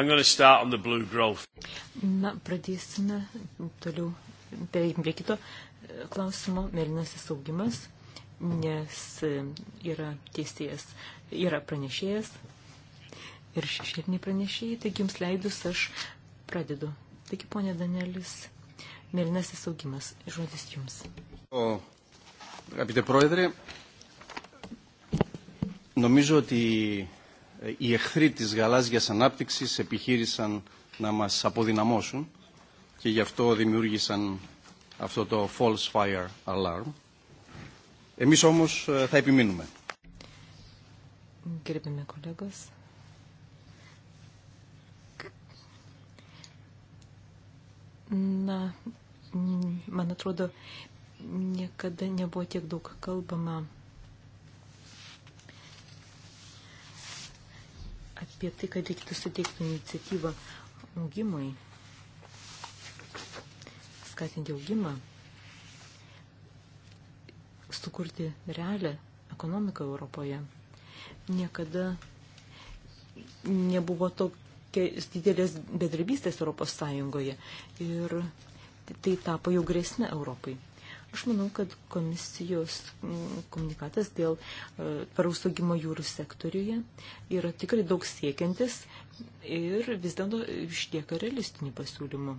Na, pradėsime toliau, pereikim prie kito e, klausimo, mėlynasis augimas, nes e, yra teisėjas, yra pranešėjas ir šešėliniai pranešėjai, taigi jums leidus aš pradedu. Taigi, ponė Danelis, mėlynasis augimas, žodis jums. O, apie tai proedrė, nomižu, tai οι εχθροί της γαλάζιας ανάπτυξης επιχείρησαν να μας αποδυναμώσουν και γι' αυτό δημιούργησαν αυτό το false fire alarm. Εμείς όμως θα επιμείνουμε. Gerbimi kolegos. Na, man atrodo, niekada nebuvo tiek daug kalbama apie tai, kad reikėtų suteikti iniciatyvą augimui, skatinti augimą, sukurti realią ekonomiką Europoje. Niekada nebuvo tokios didelės bedarbystės Europos Sąjungoje ir tai tapo jau grėsme Europai. Aš manau, kad komisijos mm, komunikatas dėl e, tvaraus augimo jūrų sektoriuje yra tikrai daug siekiantis ir vis dėlto išlieka realistinių pasiūlymų.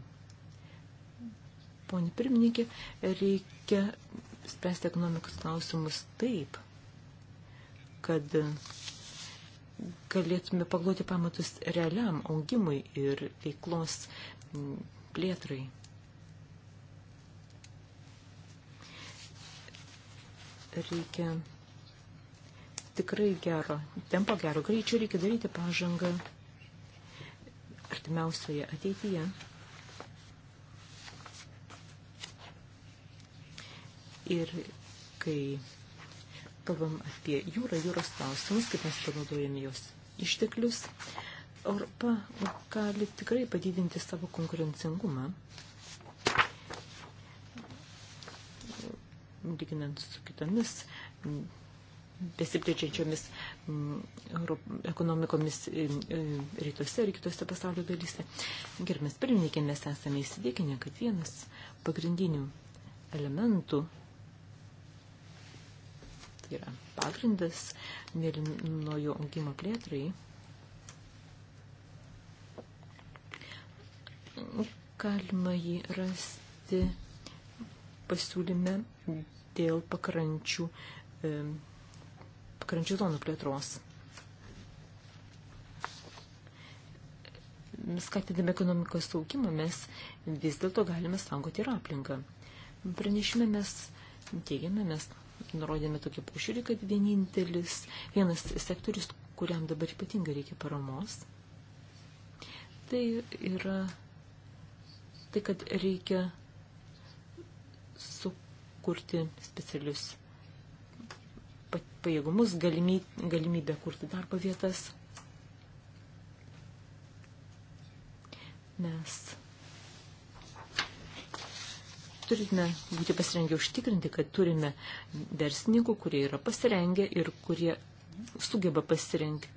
Pone pirmininkė, reikia spręsti ekonomikos klausimus taip, kad galėtume pagloti pamatus realiam augimui ir veiklos mm, plėtrai. reikia tikrai gero tempo, gero greičio, reikia daryti pažangą artimiausioje ateityje. Ir kai kalbam apie jūrą, jūros klausimus, kaip mes panaudojame jos išteklius, Europa gali tikrai padidinti savo konkurencingumą. lyginant su kitomis besiplečiančiomis ekonomikomis rytuose ir kitose pasaulio dalyse. Gerbės pirmininkė, mes esame įsidėkinę, kad vienas pagrindinių elementų tai yra pagrindas mėlynojo augimo plėtrai galima jį rasti pasiūlyme dėl pakrančių, pakrančių zonų plėtros. Skatydami ekonomikos saugimą mes vis dėlto galime saugoti ir aplinką. Pranešime mes teigiame, mes nurodėme tokį požiūrį, kad vienintelis, vienas sektorius, kuriam dabar ypatingai reikia paramos, tai yra tai, kad reikia su kurti specialius pajėgumus, galimybę kurti darbo vietas. Mes turime būti pasirengę užtikrinti, kad turime verslininkų, kurie yra pasirengę ir kurie sugeba pasirengti,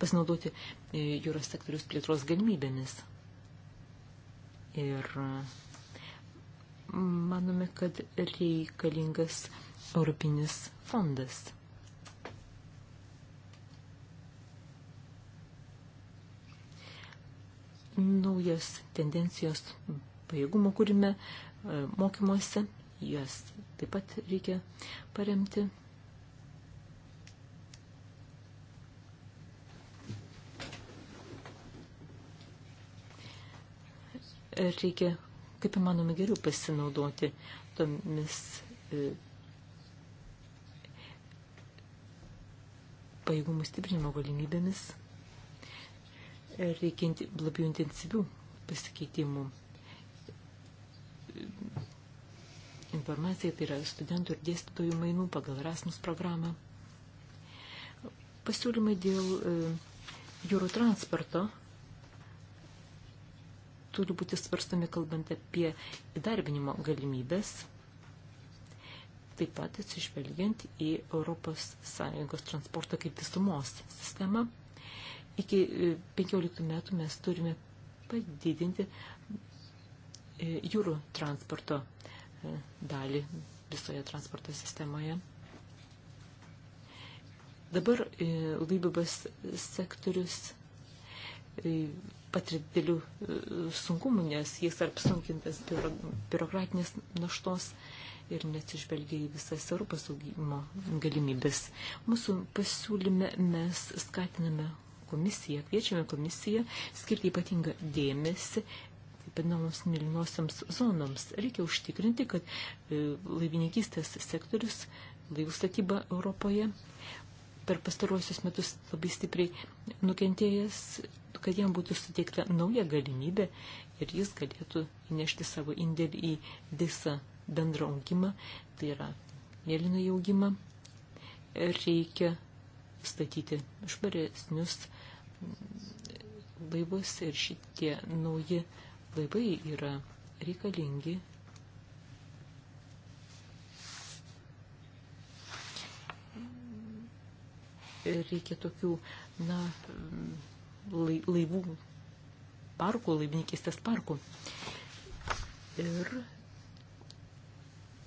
pasinaudoti e, jūros sektorius plėtros galimybėmis. Ir uh, manome, kad reikalingas Europinis fondas. Naujas tendencijos pajėgumo kūrime e, mokymuose, juos taip pat reikia paremti. Reikia kaip įmanoma geriau pasinaudoti tomis e, pajėgumų stiprinimo galimybėmis. Reikia labiau intensyvių pasikeitimų informacija, tai yra studentų ir dėstytojų mainų pagal Erasmus programą. Pasiūlymai dėl e, jūrų transporto turi būti svarstomi kalbant apie įdarbinimo galimybės, taip pat atsižvelgiant į Europos Sąjungos transporto kaip visumos sistemą. Iki 15 e, metų mes turime padidinti e, jūrų transporto e, dalį visoje transporto sistemoje. Dabar laivybos sektorius patirti didelių e, sunkumų, nes jis apsunkintas biurokratinės naštos ir neatsižvelgia į visas Europos augimo galimybės. Mūsų pasiūlyme mes skatiname komisiją, kviečiame komisiją skirti ypatingą dėmesį taip vadinamoms mėlynosiams zonoms. Reikia užtikrinti, kad e, laivininkystės sektorius, laivų statyba Europoje per pastaruosius metus labai stipriai nukentėjęs kad jam būtų suteikta nauja galimybė ir jis galėtų įnešti savo indėlį į visą bendrą augimą, tai yra mėlyną augimą. Reikia statyti švaresnius laivus ir šitie nauji laivai yra reikalingi. Reikia tokių, na, laivų parkų, laivininkistės parkų. Ir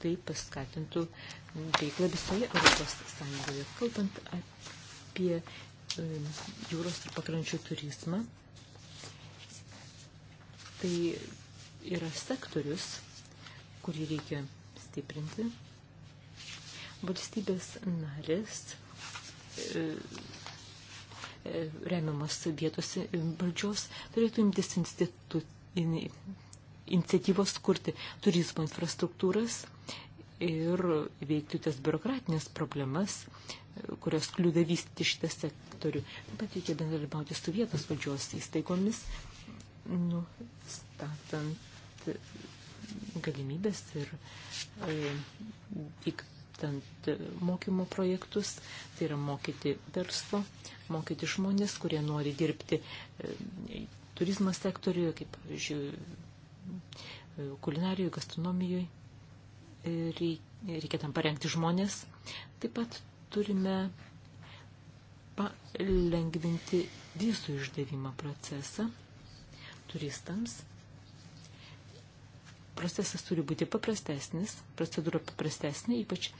tai paskatintų veiklą visoje Europos Sąjungoje. Kalbant apie jūros ir pakrančių turizmą, tai yra sektorius, kurį reikia stiprinti. Valstybės narės e, E, remiamas vietos valdžios, turėtų imtis institu, in, iniciatyvos kurti turizmo infrastruktūras ir veikti tas biurokratinės problemas, e, kurios kliūda vystyti šitą sektorių. Bet reikia bendradarbiauti su vietos valdžios įstaigomis, nustatant galimybės ir e, vystant e, mokymo projektus, tai yra mokyti verslo, mokyti žmonės, kurie nori dirbti e, turizmo sektoriuje, kaip pavyzdžiui, e, kulinarijoje, gastronomijoje. Reikia tam parengti žmonės. Taip pat turime palengvinti visų išdavimo procesą turistams procesas turi būti paprastesnis, procedūra paprastesnė, ypač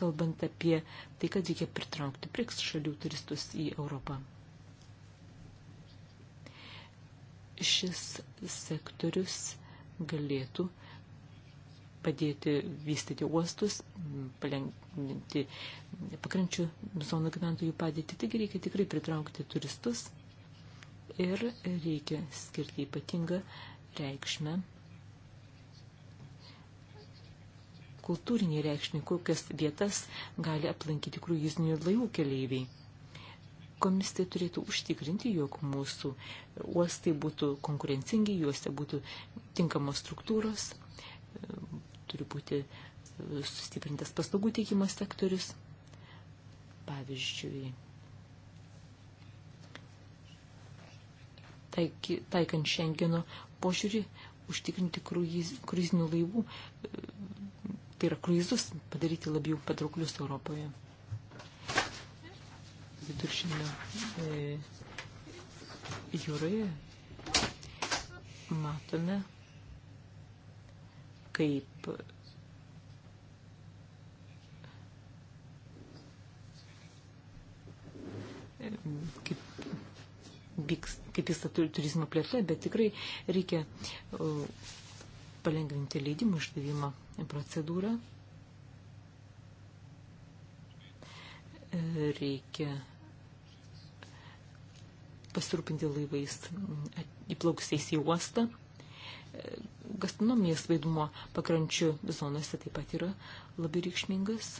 kalbant apie tai, kad reikia pritraukti priks šalių turistus į Europą. Šis sektorius galėtų padėti vystyti uostus, palengvinti pakrančių zonų gyventojų padėtį. Taigi reikia tikrai pritraukti turistus ir reikia skirti ypatingą reikšmę kultūrinį reikšmį, kokias vietas gali aplankyti kruizinių laivų keleiviai. Komisija turėtų užtikrinti, jog mūsų uostai būtų konkurencingi, juose būtų tinkamos struktūros, turi būti e, sustiprintas paslaugų teikimo sektorius. Pavyzdžiui, taikant Šengeno požiūrį, užtikrinti kruizinių laivų e, tai yra kruizus, padaryti labiau patrauklius Europoje. Viduršinio e, jūroje matome, kaip kaip vyks, kaip vyksta turizmo plėtra, bet tikrai reikia palengvinti leidimų išdavimą procedūrą. Reikia pasirūpinti laivais e, įplauksiais į uostą. E, gastronomijos vaidmuo pakrančių zonose taip pat yra labai reikšmingas.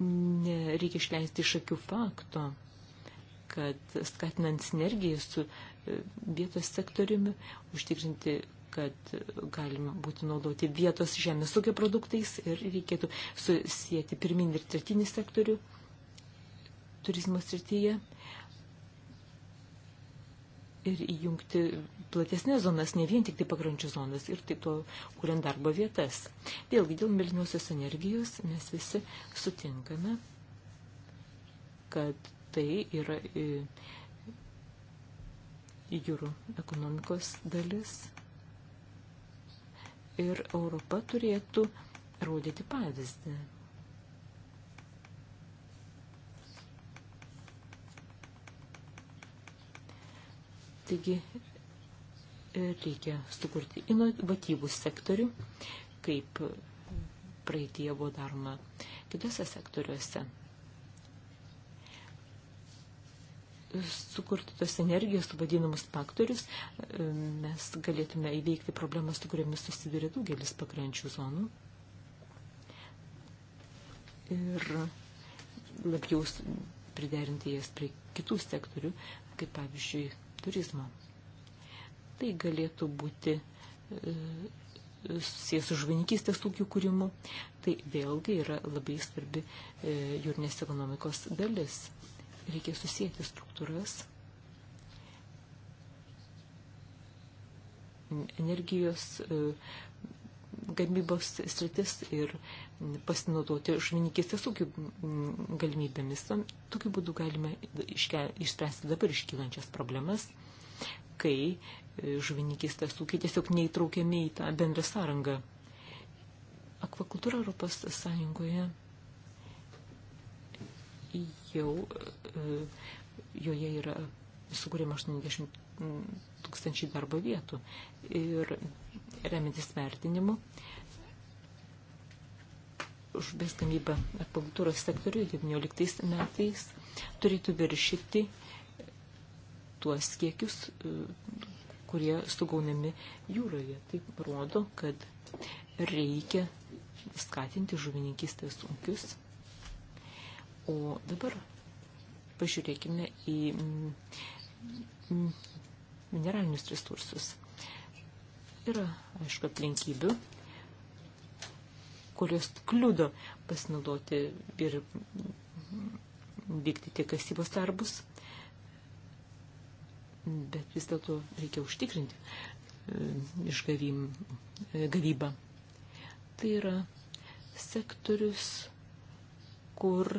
Reikia išleisti iš akių fakto, kad skatinant sinergiją su e, vietos sektoriumi, užtikrinti, kad galima būtų naudoti vietos žemės ūkio produktais ir reikėtų susijęti pirminį ir tretinį sektorių turizmo srityje ir įjungti platesnės zonas, ne vien tik tai pakrančių zonas ir taip to, kuriant darbo vietas. Vėlgi dėl mėlynosios energijos mes visi sutinkame, kad tai yra e, jūrų ekonomikos dalis ir Europa turėtų rodyti pavyzdį. Taigi e, reikia sukurti inovatyvų sektorių, kaip praeitie buvo daroma kitose sektoriuose. sukurti tos energijos, vadinamus faktorius, e, mes galėtume įveikti problemas, su kuriamis susiduria daugelis pakrančių zonų. Ir labiau priderinti jas prie kitų sektorių, kaip pavyzdžiui turizmo. Tai galėtų būti e, susijęs su žuvininkystės ūkių kūrimu. Tai vėlgi yra labai svarbi e, jūrinės ekonomikos dalis reikia susijęti struktūras, energijos e, gamybos sritis ir pasinaudoti žuvininkistės ūkių galimybėmis. Tokiu būdu galime išspręsti dabar iškylančias problemas, kai e, žuvininkistės ūkiai tiesiog neįtraukiami į tą bendrą sąrangą. Akvakultūra Europos Sąjungoje jau e, joje yra sukūrėme 80 tūkstančių darbo vietų. Ir remintis vertinimu, žuvės gamyba akvakultūros sektoriui 19 metais turėtų viršyti tuos kiekius, e, kurie sugaunami jūroje. Tai rodo, kad reikia skatinti žuvininkystės ūkius O dabar pažiūrėkime į mm, mm, mineralinius resursus. Yra, aišku, aplinkybių, kurios kliudo pasinaudoti ir vykdyti kasybos darbus, bet vis dėlto reikia užtikrinti e, išgavim, e, gavybą. Tai yra sektorius, kur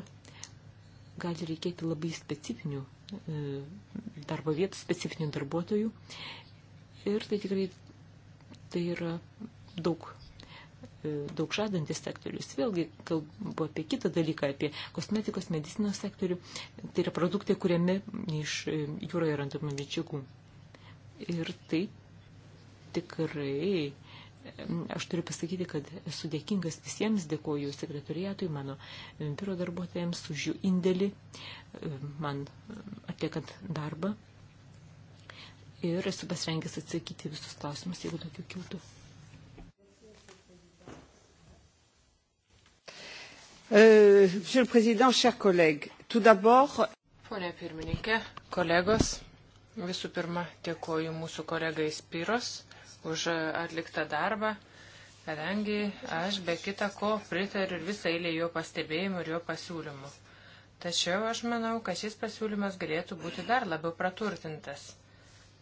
gali reikėti labai specifinių e, darbo vietų, specifinių darbuotojų. Ir tai tikrai tai yra daug, e, daug žadantis sektorius. Vėlgi kalbu apie kitą dalyką, apie kosmetikos, medicinos sektorių. Tai yra produktai, kuriami iš e, jūroje randamų medžiagų. Ir tai tikrai Aš turiu pasakyti, kad esu dėkingas visiems, dėkoju sekretoriatui, mano biuro darbuotojams už jų indėlį, man atliekant darbą. Ir esu pasirengęs atsakyti visus klausimus, jeigu tokių kiltų. Euh, monsieur le Président, chers collègues, tout d'abord. Pone pirmininkė, kolegos, visų pirma, dėkoju mūsų kolegai Spiros už atliktą darbą, kadangi aš be kita ko pritariu ir visą eilę jo pastebėjimų ir jo pasiūlymų. Tačiau aš manau, kad šis pasiūlymas galėtų būti dar labiau praturtintas.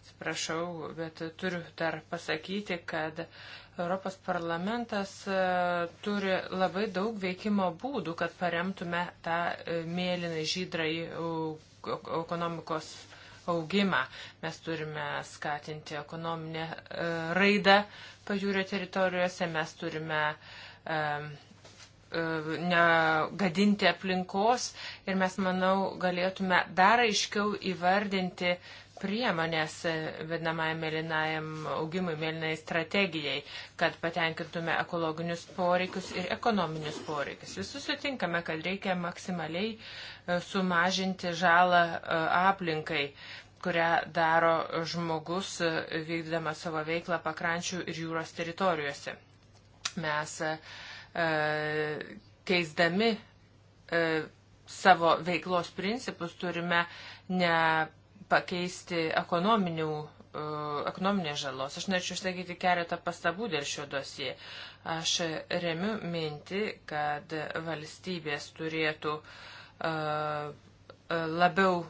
Atsiprašau, bet turiu dar pasakyti, kad Europos parlamentas e, turi labai daug veikimo būdų, kad paremtume tą e, mėlyną žydrąjį e, ekonomikos augimą. Mes turime skatinti ekonominę e, raidą pajūrio teritorijose, mes turime e, e, negadinti aplinkos ir mes, manau, galėtume dar aiškiau įvardinti priemonės vadinamai mėlynajam augimui, mėlynai strategijai, kad patenkintume ekologinius poreikius ir ekonominius poreikius. Visi sutinkame, kad reikia maksimaliai e, sumažinti žalą e, aplinkai kurią daro žmogus e, vykdydama savo veiklą pakrančių ir jūros teritorijose. Mes keisdami savo veiklos principus turime ne pakeisti ekonominių e, ekonominės žalos. Aš norėčiau išsakyti keletą pastabų dėl šio dosie. Aš remiu minti, kad valstybės turėtų uh, labiau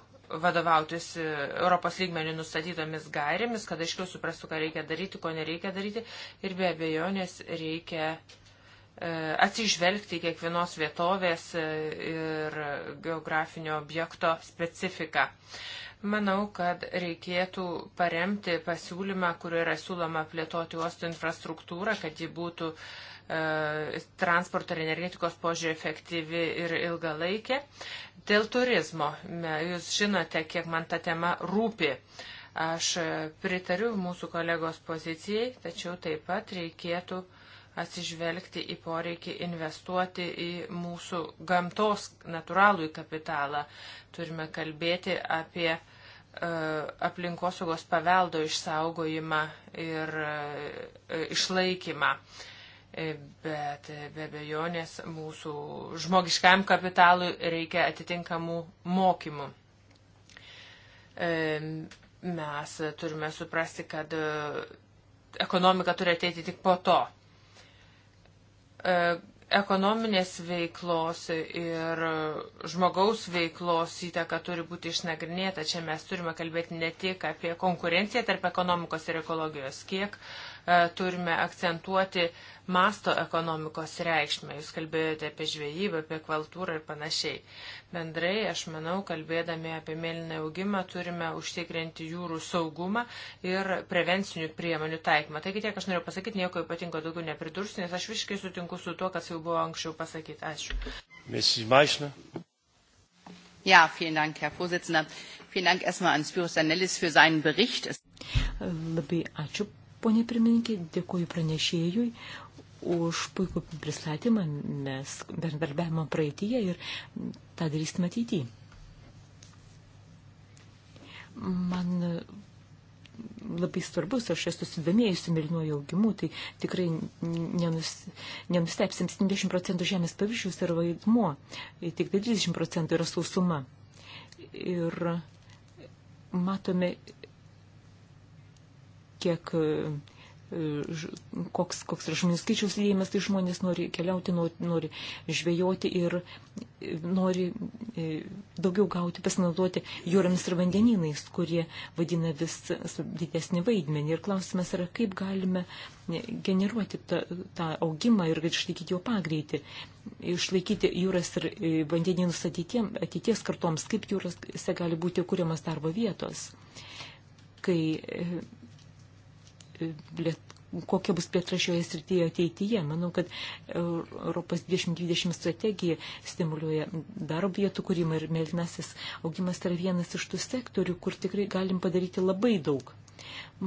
vadovautis Europos lygmenių nustatytomis gairėmis, kad aiškiau suprastų, ką reikia daryti, ko nereikia daryti ir be abejonės reikia uh, atsižvelgti kiekvienos vietovės ir geografinio objekto specifiką. Uh, Manau, kad reikėtų paremti pasiūlymą, kur yra siūloma plėtoti uosto infrastruktūrą, kad ji būtų e, transporto ir energetikos požiūrį efektyvi ir ilgalaikė. Dėl turizmo, jūs žinote, kiek man ta tema rūpi. Aš pritariu mūsų kolegos pozicijai, tačiau taip pat reikėtų atsižvelgti į poreikį investuoti į mūsų gamtos natūralų kapitalą. Turime kalbėti apie E, aplinkosaugos paveldo išsaugojimą ir e, e, išlaikymą. Bet be bejonės mūsų žmogiškam kapitalui reikia atitinkamų mokymų. Mes turime suprasti, kad ekonomika turi ateiti tik po to ekonominės veiklos ir žmogaus veiklos įtaka turi būti išnagrinėta. Čia mes turime kalbėti ne tik apie konkurenciją tarp ekonomikos ir ekologijos, kiek uh, E, turime akcentuoti masto ekonomikos reikšmę. Jūs kalbėjote apie žvejybą, apie kultūrą ir panašiai. Bendrai, aš manau, kalbėdami apie mėlyną augimą, turime užtikrinti jūrų saugumą ir prevencinių priemonių taikymą. Taigi tiek aš noriu pasakyti, nieko ypatingo daugiau nepridursiu, nes aš visiškai sutinku su tuo, kas jau buvo anksčiau pasakyti. Ačiū. Ja, vielen Dank, Herr Vorsitzender. Vielen Dank erstmal an Spyros Danelis für seinen Bericht. Labai ačiū Pone pirmininkė, dėkuoju pranešėjui už puikų pristatymą. Mes bendarbiavimo praeityje ir tą darysime ateityje. Man labai svarbus, aš esu sudomėjusi mėlynuoju augimu, tai tikrai nenus, nenustepsim, 70 procentų žemės paviršius yra vaidmuo, tik 30 tai procentų yra sausuma. Ir matome kiek e, e, koks, koks yra žmonių skaičiaus lygėjimas, tai žmonės nori keliauti, nori, nori žvejoti ir e, nori daugiau gauti, pasinaudoti jūromis ir vandenynais, kurie vadina vis didesnį vaidmenį. Ir klausimas yra, kaip galime generuoti tą, tą augimą ir išlaikyti jo pagreitį, išlaikyti jūras ir vandenynus ateities, ateities kartoms, kaip jūrose gali būti kūriamas darbo vietos. Kai kokia bus plėtra šioje srityje ateityje. Manau, kad Europos 2020 strategija stimuliuoja darbo vietų kūrimą ir mėlynasis augimas yra vienas iš tų sektorių, kur tikrai galim padaryti labai daug.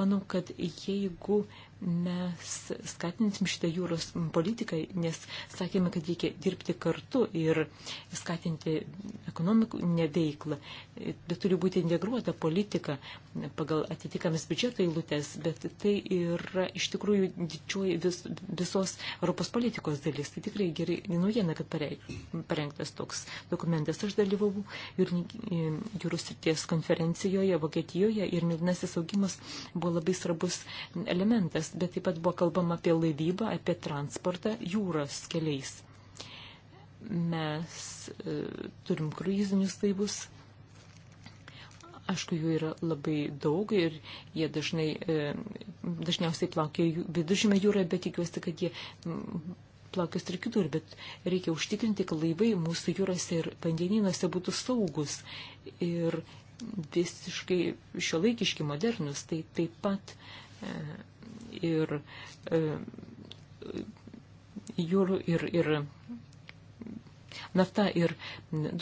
Manau, kad jeigu mes skatinsim šitą jūros politiką, nes sakėme, kad reikia dirbti kartu ir skatinti ekonomikinę veiklą, bet turi būti integruota politika pagal atitikamas biudžeto eilutės, bet tai yra iš tikrųjų didžioji vis, visos Europos politikos dalis. Tai tikrai gerai naujiena, kad parengtas toks dokumentas. Aš dalyvau jūros srities konferencijoje Vokietijoje ir milnasis augimas buvo labai svarbus elementas bet taip pat buvo kalbama apie laivybą, apie transportą jūros keliais. Mes e, turim kruizinius laivus. Aišku, jų yra labai daug ir jie dažnai, e, dažniausiai plaukia viduržymė jūroje, bet tikiuosi, kad jie plaukios ir kitur, bet reikia užtikrinti, kad laivai mūsų jūrose ir vandenynuose būtų saugus ir visiškai šiuolaikiški modernus. Tai taip pat e, ir e, jūrų ir, ir nafta ir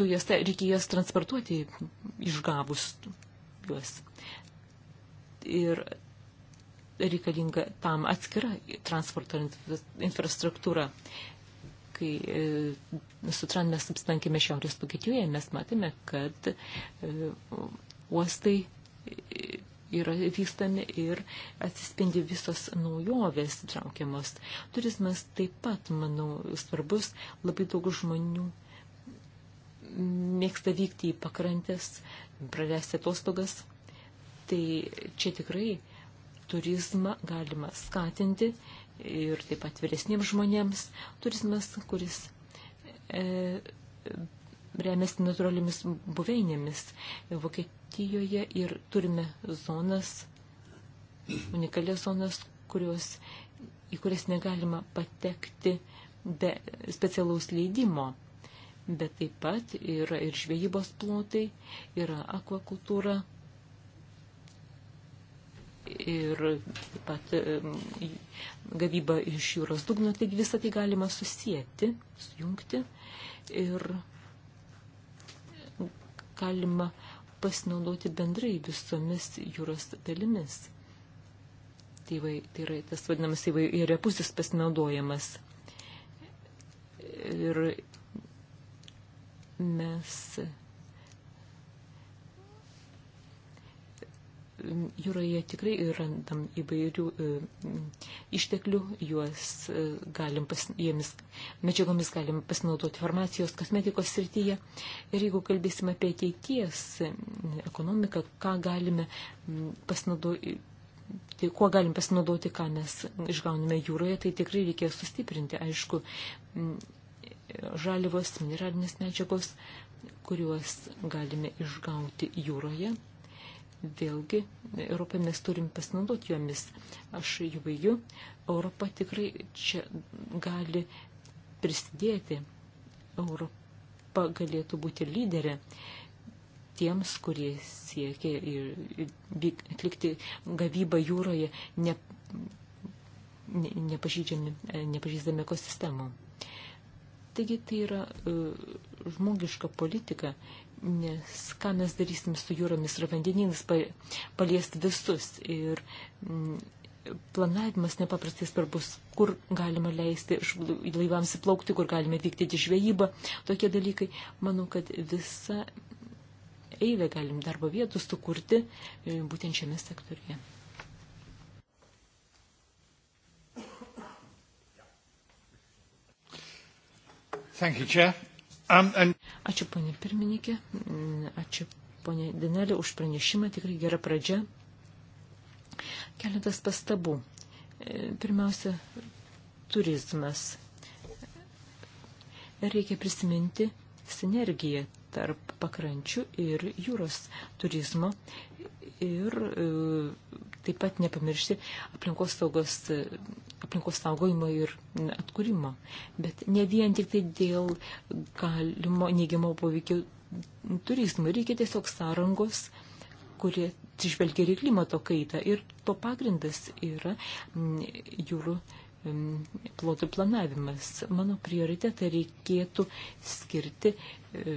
dujas, tai reikia jas transportuoti išgavus juos. Ir reikalinga tam atskira transporto infrastruktūra. Kai e, su Tran mes apsilankėme Šiaurės Vokietijoje, mes matėme, kad e, uostai yra vykstami ir atsispindi visos naujovės traukiamos. Turizmas taip pat, manau, svarbus, labai daug žmonių mėgsta vykti į pakrantės, praleisti atostogas. Tai čia tikrai turizmą galima skatinti ir taip pat vyresniems žmonėms turizmas, kuris e, remiasi natūraliomis buveinėmis Vokietijoje ir turime zonas, unikalias zonas, kurios, į kurias negalima patekti be specialaus leidimo. Bet taip pat yra ir žvejybos plotai, yra akvakultūra ir taip pat gavyba iš jūros dugno, taigi visą tai galima susijęti, sujungti ir galima pasinaudoti bendrai visomis jūros dalimis. Tai, vai, tai yra tas vadinamas įvairiapusis tai pasinaudojimas. Ir mes jūroje tikrai randam įvairių e, išteklių, juos e, galim pas, jiemis, medžiagomis galim pasinaudoti farmacijos, kosmetikos srityje. Ir jeigu kalbėsim apie ateities e, ekonomiką, ką galime pasinaudoti. Tai kuo galim pasinaudoti, ką mes išgauname jūroje, tai tikrai reikia sustiprinti, aišku, žalivos, mineralinės medžiagos, kuriuos galime išgauti jūroje vėlgi Europą mes turim pasinaudoti jomis. Aš jų baigiu. Europa tikrai čia gali prisidėti. Europa galėtų būti lyderė tiems, kurie siekia atlikti gavybą jūroje ne, ne, nepažįstami ekosistemų. Taigi tai yra e, žmogiška politika nes ką mes darysim su jūromis ir vandenynas palies visus. Ir mm, planavimas nepaprastai svarbus, kur galima leisti laivams įplaukti, kur galime vykdyti žvejybą, tokie dalykai. Manau, kad visą eilę galim darbo vietų sukurti e, būtent šiame sektoriuje. Thank you, Chair. Um, and... Ačiū, ponė pirmininkė. Ačiū, ponė Dinelė, už pranešimą. Tikrai gera pradžia. Keletas pastabų. E, pirmiausia, turizmas. Reikia prisiminti sinergiją tarp pakrančių ir jūros turizmo ir e, taip pat nepamiršti aplinkos, saugos, aplinkos saugojimo ir atkūrimo. Bet ne vien tik tai dėl galimo neigiamo poveikio turizmui, reikia tiesiog sąrangos, kurie atsižvelgia ir į klimato kaitą. Ir to pagrindas yra mm, jūrų mm, plotų planavimas. Mano prioritetą reikėtų skirti e,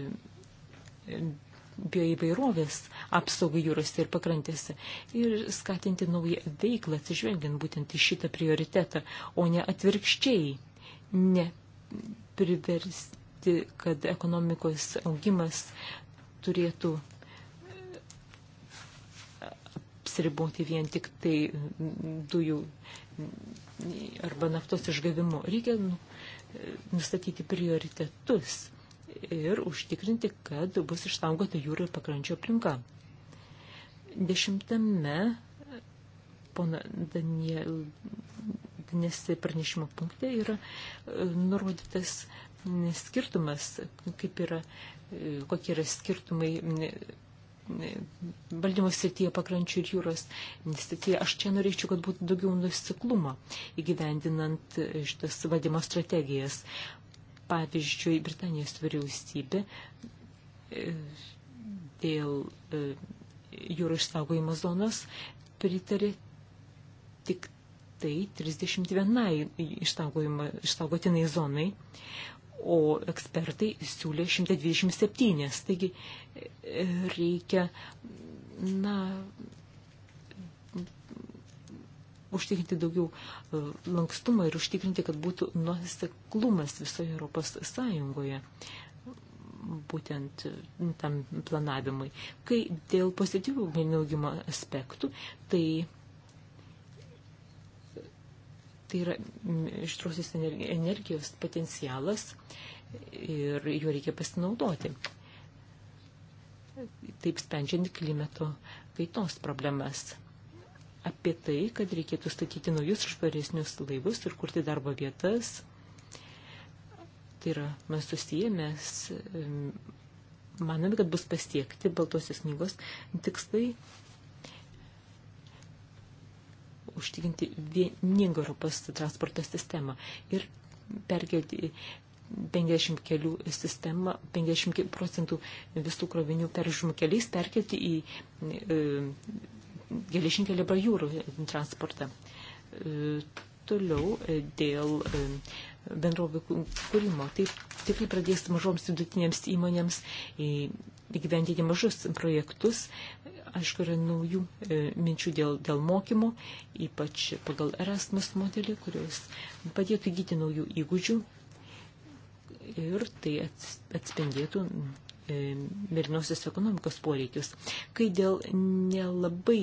bioįvairovės apsaugą jūrose ir pakrantėse ir skatinti naują veiklą, atsižvelgiant būtent į šitą prioritetą, o ne atvirkščiai, ne priversti, kad ekonomikos augimas turėtų e, apsiriboti vien tik tai dujų arba naftos išgavimu. Reikia nu, e, nustatyti prioritetus ir užtikrinti, kad bus išsaugota jūrų ir pakrančio aplinka. Dešimtame pono Daniel, nes pranešimo punkte yra e, nurodytas skirtumas, kaip yra, e, kokie yra skirtumai e, valdymo srityje pakrančių ir jūros srityje. Aš čia norėčiau, kad būtų daugiau nusiklumo įgyvendinant šitas valdymo strategijas. Pavyzdžiui, Britanijos vyriausybė e, dėl e, jūrų išsaugojimo zonos pritarė tik tai 31 išsaugotinai zonai, o ekspertai siūlė 127. Taigi e, reikia, na, užtikrinti daugiau e, lankstumą ir užtikrinti, kad būtų nuoseklumas visoje Europos Sąjungoje būtent e, tam planavimui. Kai dėl pozityvių augimo aspektų, tai tai yra ištrosios energijos potencialas ir juo reikia pasinaudoti. Taip sprendžiant klimato kaitos problemas apie tai, kad reikėtų statyti naujus ir švaresnius laivus ir kurti darbo vietas. Tai yra, mes susiję, mes manome, kad bus pasiekti Baltosios knygos tikslai užtikinti vieningą Europos transporto sistemą ir perkelti 50 kelių sistemą, 50 procentų visų krovinių peržiūrimų keliais perkelti į e, geležinkelį bajūrų e, transportą. E, toliau e, dėl bendrovė kūrimo. Taip tikrai pradės mažoms vidutinėms įmonėms įgyvendinti mažus projektus. Aišku, yra naujų minčių dėl, dėl mokymų, ypač pagal Erasmus modelį, kurios padėtų įgyti naujų įgūdžių ir tai atspindėtų E, mėlynosios ekonomikos poreikius. Kai dėl nelabai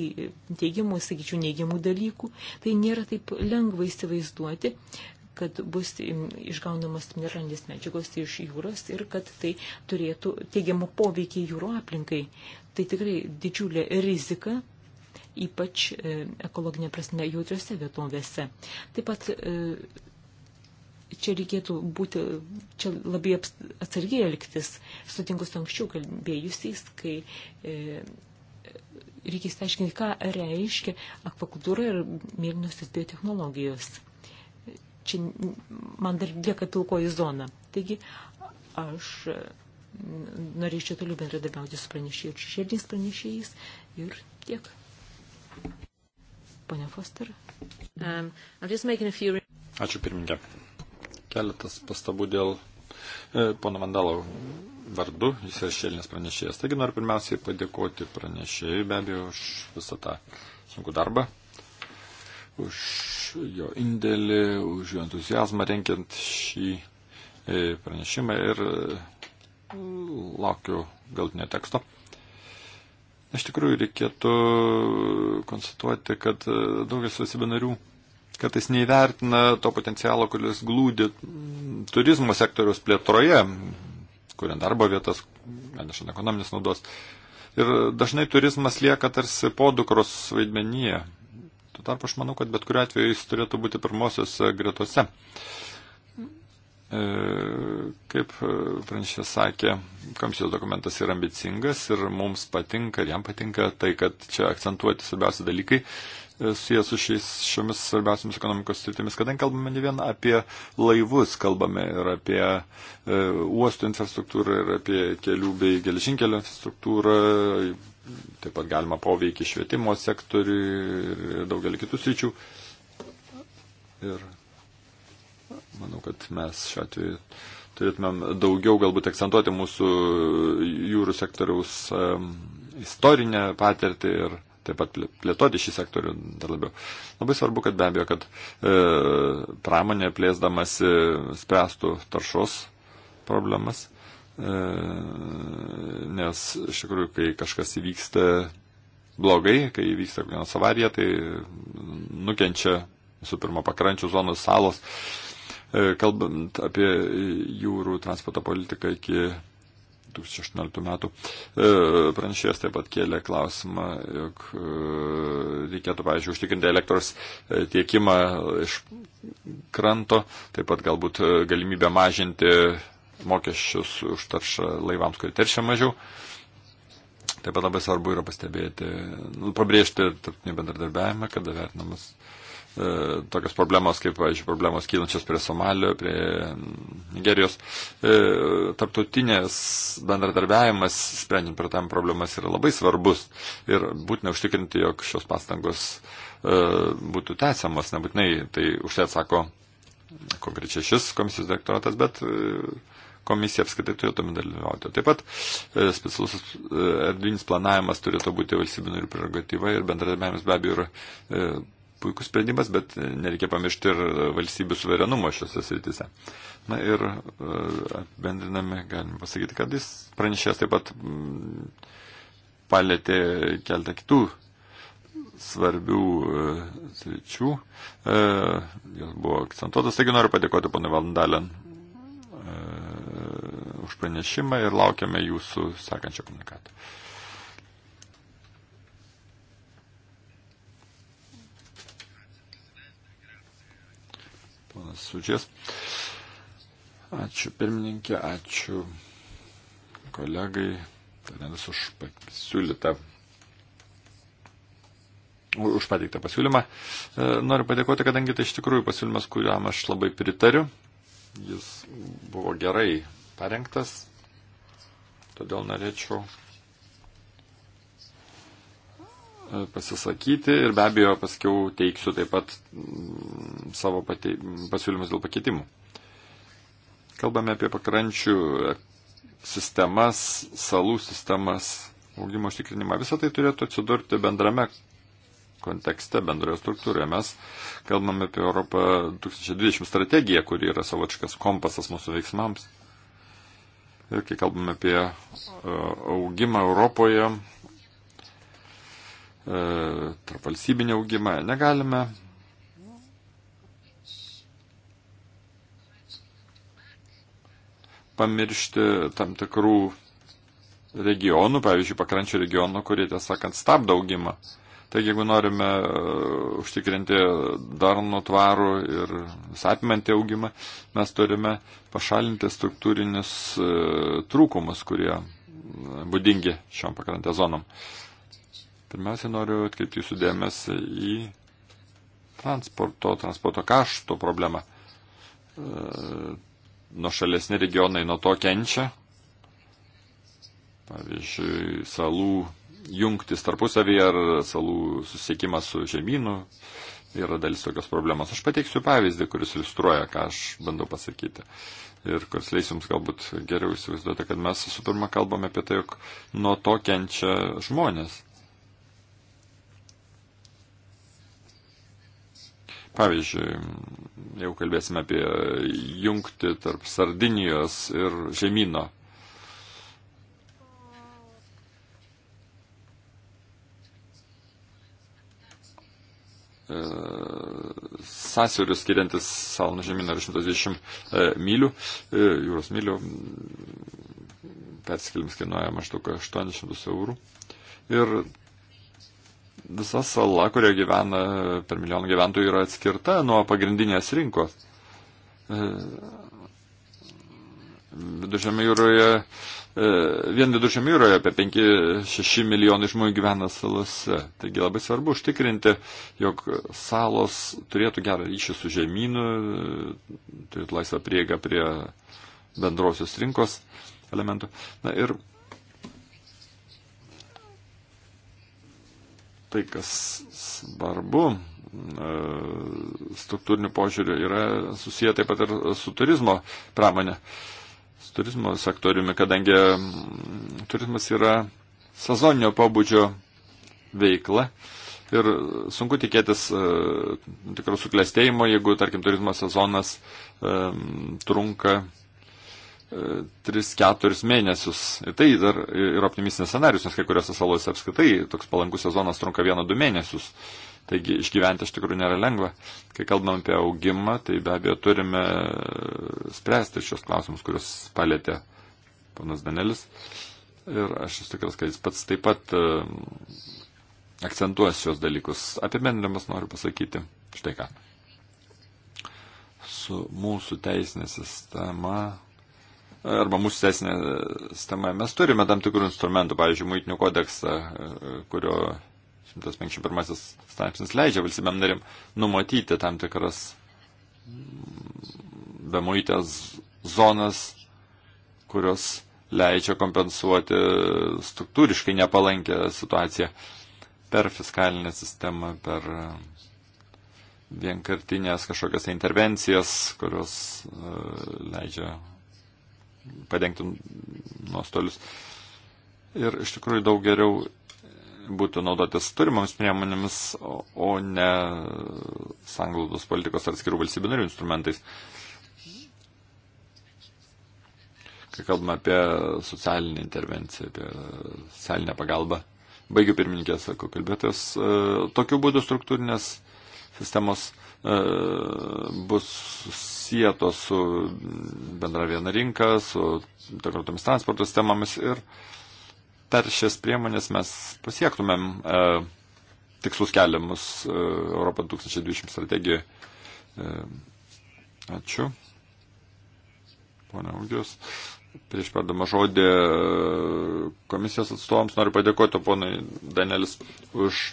teigiamų, sakyčiau, neigiamų dalykų, tai nėra taip lengva įsivaizduoti, kad bus išgaunamos mineralinės medžiagos iš jūros ir kad tai turėtų teigiamą poveikį jūro aplinkai. Tai tikrai didžiulė rizika, ypač e, ekologinė prasme jautriose vietovėse. Taip pat e, čia reikėtų būti, čia labai atsargiai elgtis, sutinkus anksčiau kalbėjusiais, kai e, reikia įsiaiškinti, ką reiškia akvakultūra ir mėlynosios biotechnologijos. Čia man dar lieka pilkoji zona. Taigi aš norėčiau toliau bendradarbiauti su pranešėjais ir šešėliniais pranešėjais ir tiek. Pone Foster. Um, few... Ačiū pirmininkė Keletas pastabų dėl e, pono Vandalo vardu, jis yra šėlinės pranešėjas. Taigi noriu pirmiausiai padėkoti pranešėjui be abejo už visą tą sunku darbą, už jo indėlį, už jo entuzijazmą renkiant šį e, pranešimą ir e, laukiu galtinio teksto. Iš tikrųjų reikėtų konstatuoti, kad e, daugelis valstybė narių kartais neįvertina to potencialo, kuris glūdi turizmo sektoriaus plėtroje, kuriant darbo vietas, nešant ekonominės naudos. Ir dažnai turizmas lieka tarsi podukros vaidmenyje. Tuo tarpu aš manau, kad bet kuriu atveju jis turėtų būti pirmosios e, gretose. E, kaip e, pranešė sakė, komisijos dokumentas yra ambicingas ir mums patinka, ir jam patinka tai, kad čia akcentuoti svarbiausi dalykai susijęs su šiais, šiomis svarbiausiamis ekonomikos sritimis, kadangi kalbame ne vien apie laivus, kalbame ir apie e, uostų infrastruktūrą, ir apie kelių bei geležinkelio infrastruktūrą, taip pat galima poveikį švietimo sektoriui ir daugelį kitų sričių. Ir manau, kad mes šiuo atveju turėtumėm daugiau galbūt akcentuoti mūsų jūrų sektoriaus um, istorinę patirtį ir taip pat plėtoti šį sektorių dar labiau. Labai svarbu, kad be abejo, kad e, pramonė plėsdamasi spręstų taršos problemas, e, nes iš tikrųjų, kai kažkas įvyksta blogai, kai įvyksta kokia nors avarija, tai nukenčia visų pirma pakrančių zonos salos. E, kalbant apie jūrų transporto politiką iki 2018 metų e, pranešėjas taip pat kėlė klausimą, jog e, reikėtų, pavyzdžiui, užtikrinti elektros e, tiekimą iš kranto, taip pat galbūt galimybę mažinti mokesčius už taršą laivams, kurie teršia mažiau. Taip pat labai svarbu yra pastebėti, nu, pabrėžti tarptinį bendradarbiavimą, kada vertinamas uh, E, tokios problemos, kaip, pavyzdžiui, problemos kylančios prie Somalio, prie Nigerijos. E, tarptautinės bendradarbiavimas, sprendžiant prie tam problemas, yra labai svarbus ir būtina užtikrinti, jog šios pastangos e, būtų tęsiamas, nebūtinai tai už tai atsako konkrečiai šis komisijos direktoratas, bet komisija apskaitai turėtų dalyvauti. Taip pat specialus erdvinis planavimas turėtų būti valstybinio ir prerogatyva ir bendradarbiavimas be abejo yra puikus sprendimas, bet nereikia pamiršti ir valstybių suverenumo šiuose srityse. Na ir e, apibendriname, galim pasakyti, kad jis pranešęs taip pat mm, palėtė keltą kitų svarbių e, sričių. E, jos buvo akcentuotas, taigi noriu padėkoti ponui Valendalen už pranešimą ir laukiame jūsų sekančio komunikato. panas Sudžės. Ačiū pirmininkė, ačiū kolegai, Tadenas už pasiūlytą. Už pateiktą pasiūlymą. E, noriu padėkoti, kadangi tai iš tikrųjų pasiūlymas, kuriam aš labai pritariu. Jis buvo gerai parengtas, todėl norėčiau pasisakyti ir be abejo paskiau teiksiu taip pat mm, savo pati, pasiūlymus dėl pakeitimų. Kalbame apie pakrančių e, sistemas, salų sistemas, augimo užtikrinimą. Visą tai turėtų atsidurti bendrame kontekste, bendroje struktūroje. Mes kalbame apie Europą 2020 strategiją, kuri yra savotiškas kompasas mūsų veiksmams. Ir kai kalbame apie e, augimą Europoje, E, tarp valstybinį augimą. Negalime pamiršti tam tikrų regionų, pavyzdžiui, pakrančių regionų, kurie, tiesą sakant, stabdo augimą. Taigi, jeigu norime e, užtikrinti darnų tvarų ir apimantį augimą, mes turime pašalinti struktūrinius e, trūkumus, kurie būdingi šiom pakrantės zonom. Uh, Pirmiausia, noriu atkreipti jūsų dėmesį į transporto, transporto kaštų problemą. E, nuo šalesni regionai nuo to kenčia. Pavyzdžiui, salų jungtis tarpusavyje ar salų susiekimas su žemynu yra dalis tokios problemos. Aš pateiksiu pavyzdį, kuris iliustruoja, ką aš bandau pasakyti. Ir kuris leis jums galbūt geriau įsivaizduoti, kad mes visų pirma kalbame apie tai, jog nuo to kenčia žmonės. Pavyzdžiui, jau kalbėsime apie jungti tarp Sardinijos ir žemyno. E, sąsiaurius skiriantis savo nuo žemyną yra 120 mylių, e, jūros mylių, persikėlimas kainuoja maždaug 800 eurų. Ir visa sala, kurioje gyvena per milijoną gyventojų, yra atskirta nuo pagrindinės rinkos. E, viduržėmė jūroje, e, vien viduržėmė jūroje apie 5-6 milijonai žmonių gyvena salose. Taigi labai svarbu užtikrinti, jog salos turėtų gerą ryšį su žemynu, turėtų laisvą prieigą prie bendrosios rinkos elementų. Na ir tai, kas svarbu e, struktūriniu požiūriu, yra susiję taip pat ir su turizmo pramonė, su turizmo sektoriumi, kadangi mm, turizmas yra sezoninio pobūdžio veikla. Ir sunku tikėtis e, tikro suklestėjimo, jeigu, tarkim, turizmo sezonas um, trunka 3-4 mėnesius. Ir tai dar yra optimistinis scenarius, nes kai kuriuose salose apskritai toks palankus sezonas trunka 1-2 mėnesius. Taigi išgyventi iš tikrųjų nėra lengva. Kai kalbam apie augimą, tai be abejo turime spręsti šios klausimus, kuriuos palėtė panas Danelis. Ir aš esu tikras, kad jis pats taip pat e, akcentuos šios dalykus. Apibendrinamas noriu pasakyti štai ką. Su mūsų teisinė sistema arba mūsų teisinė sistema. Mes turime tam tikrų instrumentų, pavyzdžiui, muitinių kodeksą, kurio 151 straipsnis leidžia valstybėm narim numatyti tam tikras be muitės zonas, kurios leidžia kompensuoti struktūriškai nepalankę situaciją per fiskalinę sistemą, per vienkartinės kažkokias intervencijas, kurios e, leidžia padengti nuostolius. Ir iš tikrųjų daug geriau būtų naudotis turimams priemonėmis, o ne sanglaudos politikos ar skirų valstybių narių instrumentais. Kai kalbame apie socialinę intervenciją, apie socialinę pagalbą, baigiu pirmininkė, sako kalbėtojas, e, tokiu būdu struktūrinės sistemos E, bus sietos su bendra viena rinka, su tarptautomis transporto sistemomis ir per šias priemonės mes pasiektumėm e, tikslus keliamus e, Europą 2020 strategijoje. E, ačiū. Pone Augius. Prieš perdamą žodį e, komisijos atstovams noriu padėkoti ponui Danelis už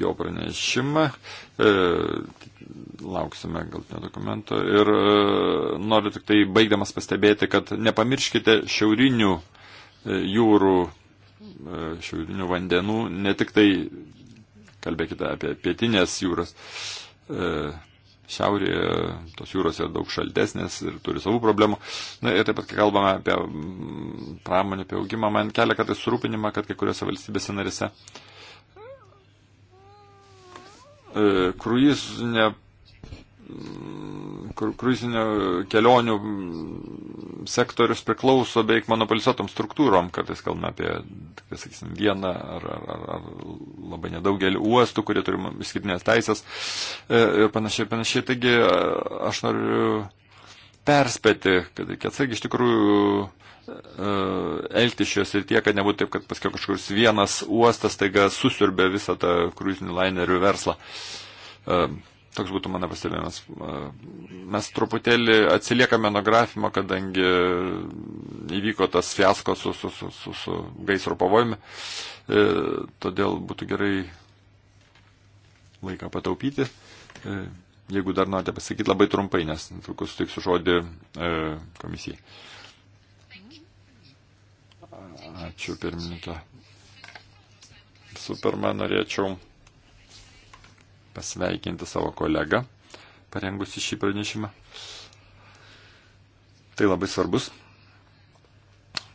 jo pranešimą, e, lauksime galtinio dokumento ir e, noriu tik tai baigdamas pastebėti, kad nepamirškite šiaurinių e, jūrų, e, šiaurinių vandenų, ne tik tai kalbėkite apie pietinės jūras. E, Šiaurėje tos jūros yra daug šaltesnės ir turi savų problemų. Na ir taip pat, kai kalbame apie pramonę, apie augimą, man kelia kartais surūpinimą, kad kai kuriuose valstybėse narise uh, E, kruizinė, kruizinio kelionių sektorius priklauso beveik monopolizuotam struktūrom, kartais kalbame apie, sakysim, vieną ar, ar, ar labai nedaugelį uostų, kurie turi išskirtinės teisės e, ir panašiai, panašiai. Taigi aš noriu perspėti, kad reikia atsargiai iš tikrųjų e, elgti šios ir tie, kad nebūtų taip, kad paskui kažkoks vienas uostas taiga susirbė visą tą kruizinių lainerių verslą. E, toks būtų mano pastebėjimas. E, mes truputėlį atsiliekame nuo grafimo, kadangi įvyko tas fiasko su, su, su, su, su gaisro pavojumi. Todėl būtų gerai laiką pataupyti. Jeigu dar norite pasakyti labai trumpai, nes trukus suteiksiu žodį e, komisijai. Ačiū pirmininkė. Visų pirma, norėčiau pasveikinti savo kolegą, parengusi šį pranešimą. Tai labai svarbus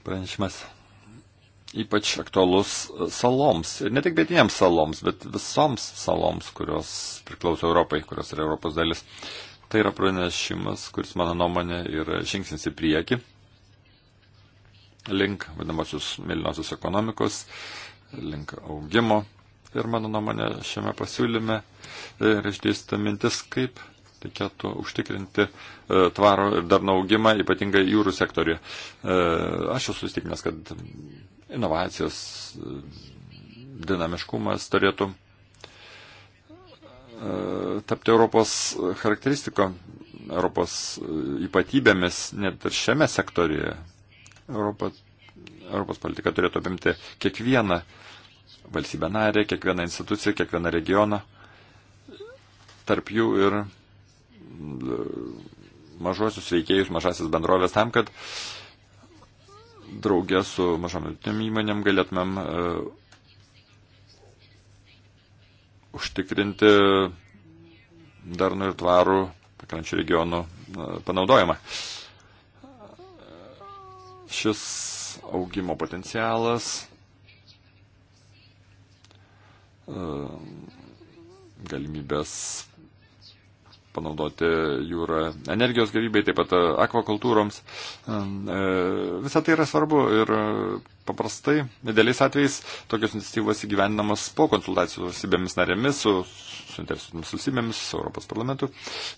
pranešimas ypač aktualus saloms, ir ne tik pietinėms saloms, bet visoms saloms, kurios priklauso Europai, kurios yra Europos dalis. Tai yra pranešimas, kuris, mano nuomonė, yra žingsnis į priekį link vadinamosios mėlynosios ekonomikos, link augimo. Ir mano nuomonė šiame pasiūlyme e, yra išdėstyta mintis, kaip reikėtų užtikrinti e, tvarų ir darną augimą, ypatingai jūrų sektoriuje. E, aš esu įstikinęs, kad inovacijos dinamiškumas turėtų e, tapti Europos charakteristiko, Europos e, ypatybėmis net ir šiame sektorijoje. Europa, Europos politika turėtų apimti kiekvieną valstybę narę, kiekvieną instituciją, kiekvieną regioną, tarp jų ir e, mažosius veikėjus, mažasis bendrovės tam, kad uh, draugė su mažom vidutiniam įmonėm galėtumėm e, užtikrinti darnų ir tvarų pakrančių regionų e, panaudojimą. Šis augimo potencialas e, galimybės panaudoti jūrą energijos gavybai, taip pat e, akvakultūroms. E, e, Visą tai yra svarbu ir paprastai, dideliais atvejais, tokios iniciatyvos įgyvendinamas po konsultacijų su valstybėmis narėmis, su suinteresuotomis valstybėmis, su Europos parlamentu.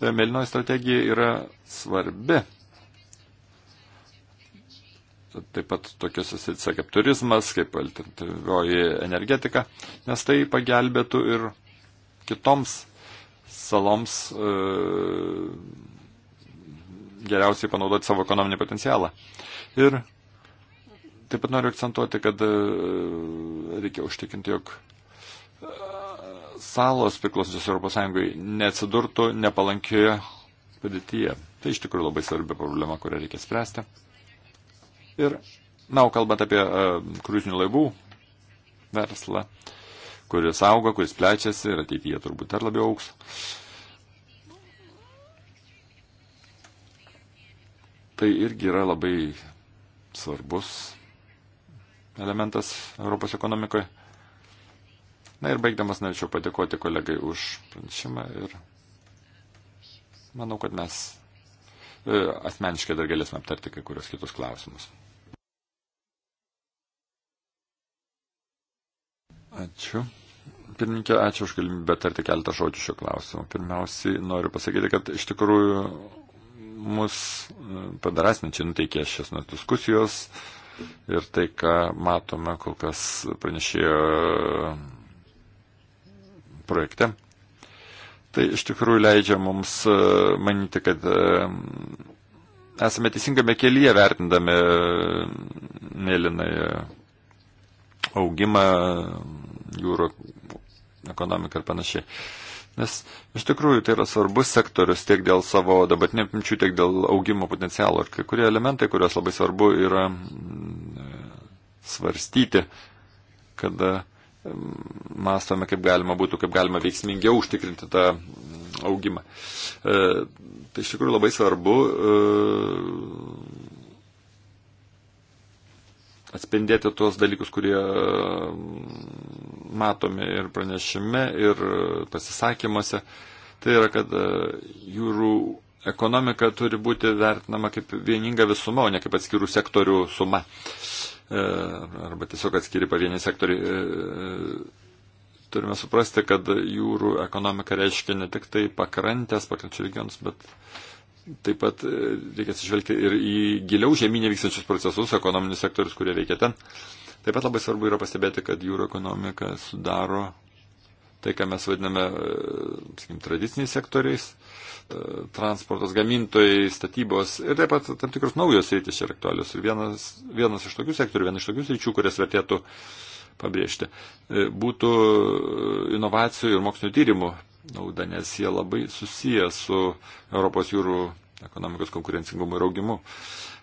Mėlynoji strategija yra svarbi taip pat tokiuose srityse kaip turizmas, kaip alternatyvioji energetika, nes tai pagelbėtų ir kitoms saloms e, geriausiai panaudoti savo ekonominį potencialą. Ir taip pat noriu akcentuoti, kad e, reikia užtikinti, jog e, salos priklausančios Europos Sąjungai neatsidurtų nepalankioje padėtyje. Tai iš tikrųjų labai svarbi problema, kurią reikia spręsti. Ir, na, o kalbant apie uh, e, kruizinių laivų verslą, uh, kuris auga, kuris plečiasi ir ateityje turbūt dar labiau auks. Tai irgi yra labai svarbus elementas Europos ekonomikoje. Na ir baigdamas norėčiau padėkoti kolegai už pranešimą ir manau, kad mes e, asmeniškai dar galėsime aptarti kai kurios kitus klausimus. Ačiū pirmininkė, ačiū už galimybę tarti keltą žodžių šio klausimo. Pirmiausiai noriu pasakyti, kad iš tikrųjų mus nu, padarasničiai nuteikė šias net diskusijos ir tai, ką matome kol kas pranešėjo projekte. Tai iš tikrųjų leidžia mums e, manyti, kad e, esame teisingame kelyje vertindami mėlynąją augimą jūro ekonomiką ir panašiai. Nes iš tikrųjų tai yra svarbus sektorius tiek dėl savo dabartinių apimčių, tiek dėl augimo potencialo. Ir kai kurie elementai, kuriuos labai svarbu yra mm, svarstyti, kada mm, mąstome, kaip galima būtų, kaip galima veiksmingiau užtikrinti tą mm, augimą. E, tai iš tikrųjų labai svarbu e, atspindėti tuos dalykus, kurie matomi ir pranešime, ir e, pasisakymuose, tai yra, kad e, jūrų ekonomika turi būti vertinama kaip vieninga visuma, o ne kaip atskirų sektorių suma. E, arba tiesiog atskiri pavieniai sektoriai. Turime suprasti, kad jūrų ekonomika reiškia ne tik tai pakrantės, pakrančių regionus, bet taip pat reikia atsižvelgti ir į giliau žemynę vykstančius procesus, ekonominius sektorius, kurie veikia ten. Uh, Taip pat labai svarbu yra pastebėti, kad jūro ekonomika sudaro tai, ką mes vadiname, e, sakykim, tradiciniais sektoriais, e, transportas, gamintojai, statybos ir taip pat tam tikros naujos rytis čia aktualios. Ir vienas, vienas iš tokių sektorių, vienas iš tokių ryčių, kurias vertėtų pabrėžti, e, būtų inovacijų ir mokslinio tyrimų nauda, nes jie labai susiję su Europos jūrų ekonomikos konkurencingumu ir augimu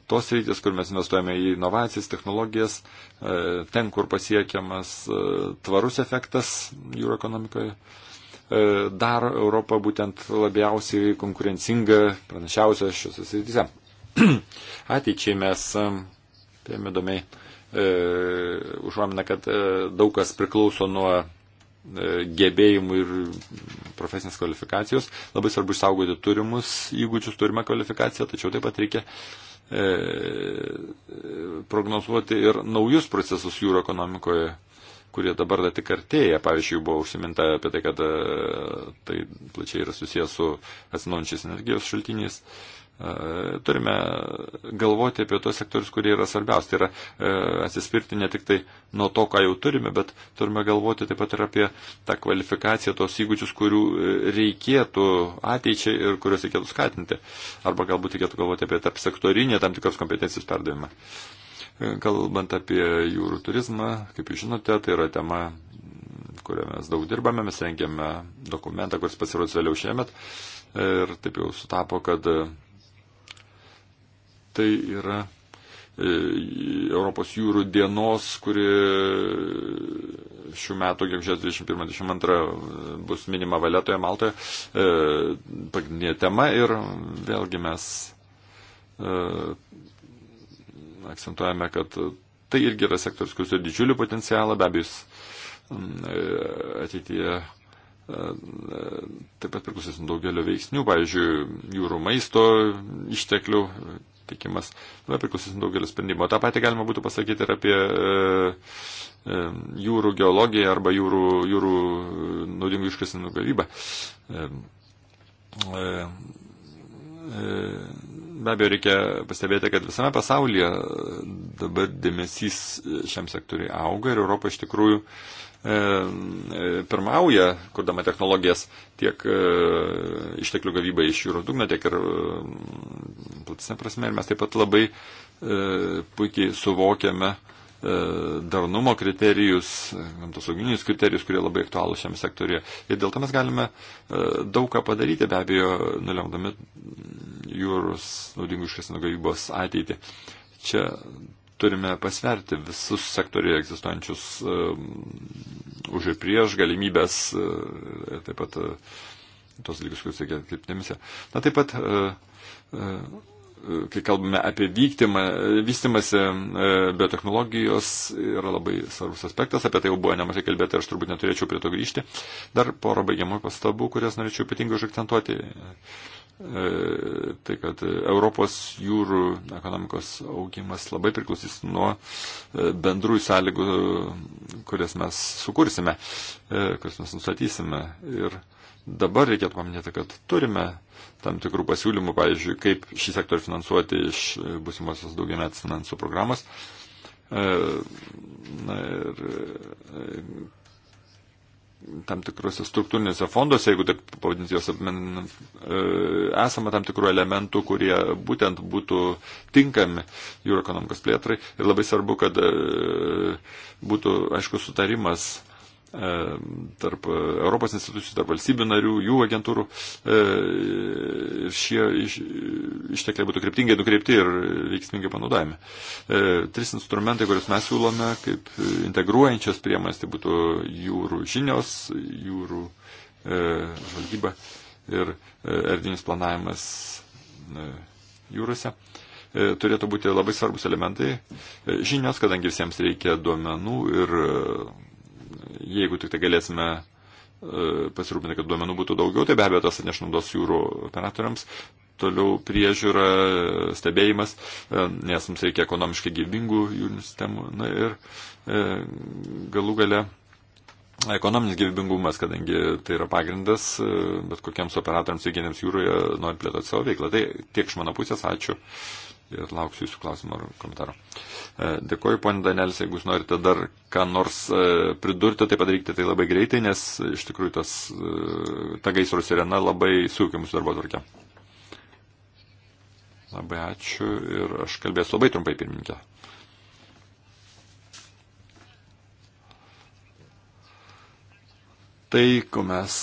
tos rytis, kur mes investuojame į inovacijas, technologijas, e, ten, kur pasiekiamas e, tvarus efektas jūro ekonomikoje, e, daro Europą būtent labiausiai konkurencingą, pranašiausią šiuose srityse. Ateičiai mes, paėmė įdomiai, užuomina, kad daug kas priklauso nuo gebėjimų ir profesinės kvalifikacijos. Labai svarbu išsaugoti turimus įgūdžius, turimą kvalifikaciją, tačiau taip pat reikia uh, E, prognozuoti ir naujus procesus jūro ekonomikoje, kurie dabar da tik artėja. Pavyzdžiui, buvo užsiminta apie tai, kad e, tai plačiai yra susijęs su atsinaujančiais energijos šaltiniais. E, E, turime galvoti apie tos sektorius, kurie yra svarbiausi. Tai yra e, atsispirti ne tik tai nuo to, ką jau turime, bet turime galvoti taip pat ir apie tą kvalifikaciją, tos įgūdžius, kurių e, reikėtų ateičiai ir kuriuos reikėtų skatinti. Arba galbūt reikėtų galvoti apie tarp sektorinę tam tikros kompetencijos perdavimą. Kalbant apie jūrų turizmą, kaip jūs žinote, tai yra tema kurią mes daug dirbame, mes rengėme dokumentą, kuris pasirodys vėliau šiemet. Ir taip jau sutapo, kad tai yra e, Europos jūrų dienos, kuri šių metų, gegužės 21-22, e, bus minima Valetoje, Maltoje, e, pagrindinė tema ir vėlgi mes akcentuojame, kad tai irgi yra sektorius, kuris turi didžiulį potencialą, be abejo, ateityje taip pat priklausys nuo daugelio veiksnių, pavyzdžiui, jūrų maisto išteklių tikimas. Na, priklausys daugelis sprendimų. Ta pati galima būtų pasakyti ir apie e, e, jūrų geologiją arba jūrų, jūrų e, naudingų iškasinų gavybą. E, e, e, Be abejo, reikia pastebėti, kad visame pasaulyje dabar dėmesys šiam sektoriui auga ir Europa iš tikrųjų e, e, pirmauja, kurdama technologijas tiek e, išteklių gavybą iš jūros dugno, tiek ir platesnė prasme. Ir mes taip pat labai puikiai suvokiame uh, E, darnumo kriterijus, gamtosauginius kriterijus, kurie labai aktualūs šiam sektoriuje. Ir dėl to mes galime e, daug ką padaryti, be abejo, nulemdami jūros naudingų iškasnų gavybos ateitį. Čia turime pasverti visus sektoriuje egzistuojančius e, už ir prieš galimybės, taip pat tos lygus, kuriuos reikia atkreipti dėmesį. Na taip pat kai kalbame apie vyktimą, vystimasi e, biotehnologijos yra labai svarbus aspektas, apie tai jau buvo nemažai kalbėta ir aš turbūt neturėčiau prie to grįžti. Dar porą baigiamų pastabų, kurias norėčiau ypatingai užakcentuoti. E, tai kad Europos jūrų ekonomikos augimas labai priklausys nuo e, bendrųjų sąlygų, kurias mes sukursime, kurias mes nustatysime. Ir Dabar reikėtų paminėti, kad turime tam tikrų pasiūlymų, pavyzdžiui, kaip šį sektorių finansuoti iš busimosios daugiametės finansų programos. E, na ir e, tam tikrose struktūrinėse fonduose, jeigu taip pavadinti jos, e, esama tam tikrų elementų, kurie būtent būtų tinkami jūrų ekonomikos plėtrai. Ir labai svarbu, kad būtų, aišku, sutarimas E, tarp Europos institucijų, tarp valstybių narių, jų agentūrų. Ir e, šie ištekliai būtų kryptingai nukreipti ir veiksmingai panaudojami. E, tris instrumentai, kuriuos mes siūlome kaip integruojančios priemonės, tai būtų jūrų žinios, jūrų žvalgyba ir erdinis planavimas jūrose turėtų būti labai svarbus elementai. Žinios, kadangi visiems reikia duomenų ir Jeigu tik tai galėsime e, pasirūpinti, kad duomenų būtų daugiau, tai be abejo tas atneš naudos jūrų operatoriams. Toliau priežiūra, stebėjimas, e, nes mums reikia ekonomiškai gyvingų jūrinių sistemų. Na ir e, galų gale ekonominis gyvybingumas, kadangi tai yra pagrindas, bet kokiems operatoriams įgėnėms jūroje nori plėtoti savo veiklą. Tai tiek iš mano pusės, ačiū ir lauksiu jūsų klausimų ar komentaro. E, dėkoju, ponė Danelis, jeigu jūs norite dar ką nors e, pridurti, tai padarykite tai labai greitai, nes iš tikrųjų tas, e, ta gaisro sirena labai sukia mūsų darbo tvarkę. Labai ačiū ir aš kalbėsiu labai trumpai, pirmininkė. Tai, ko mes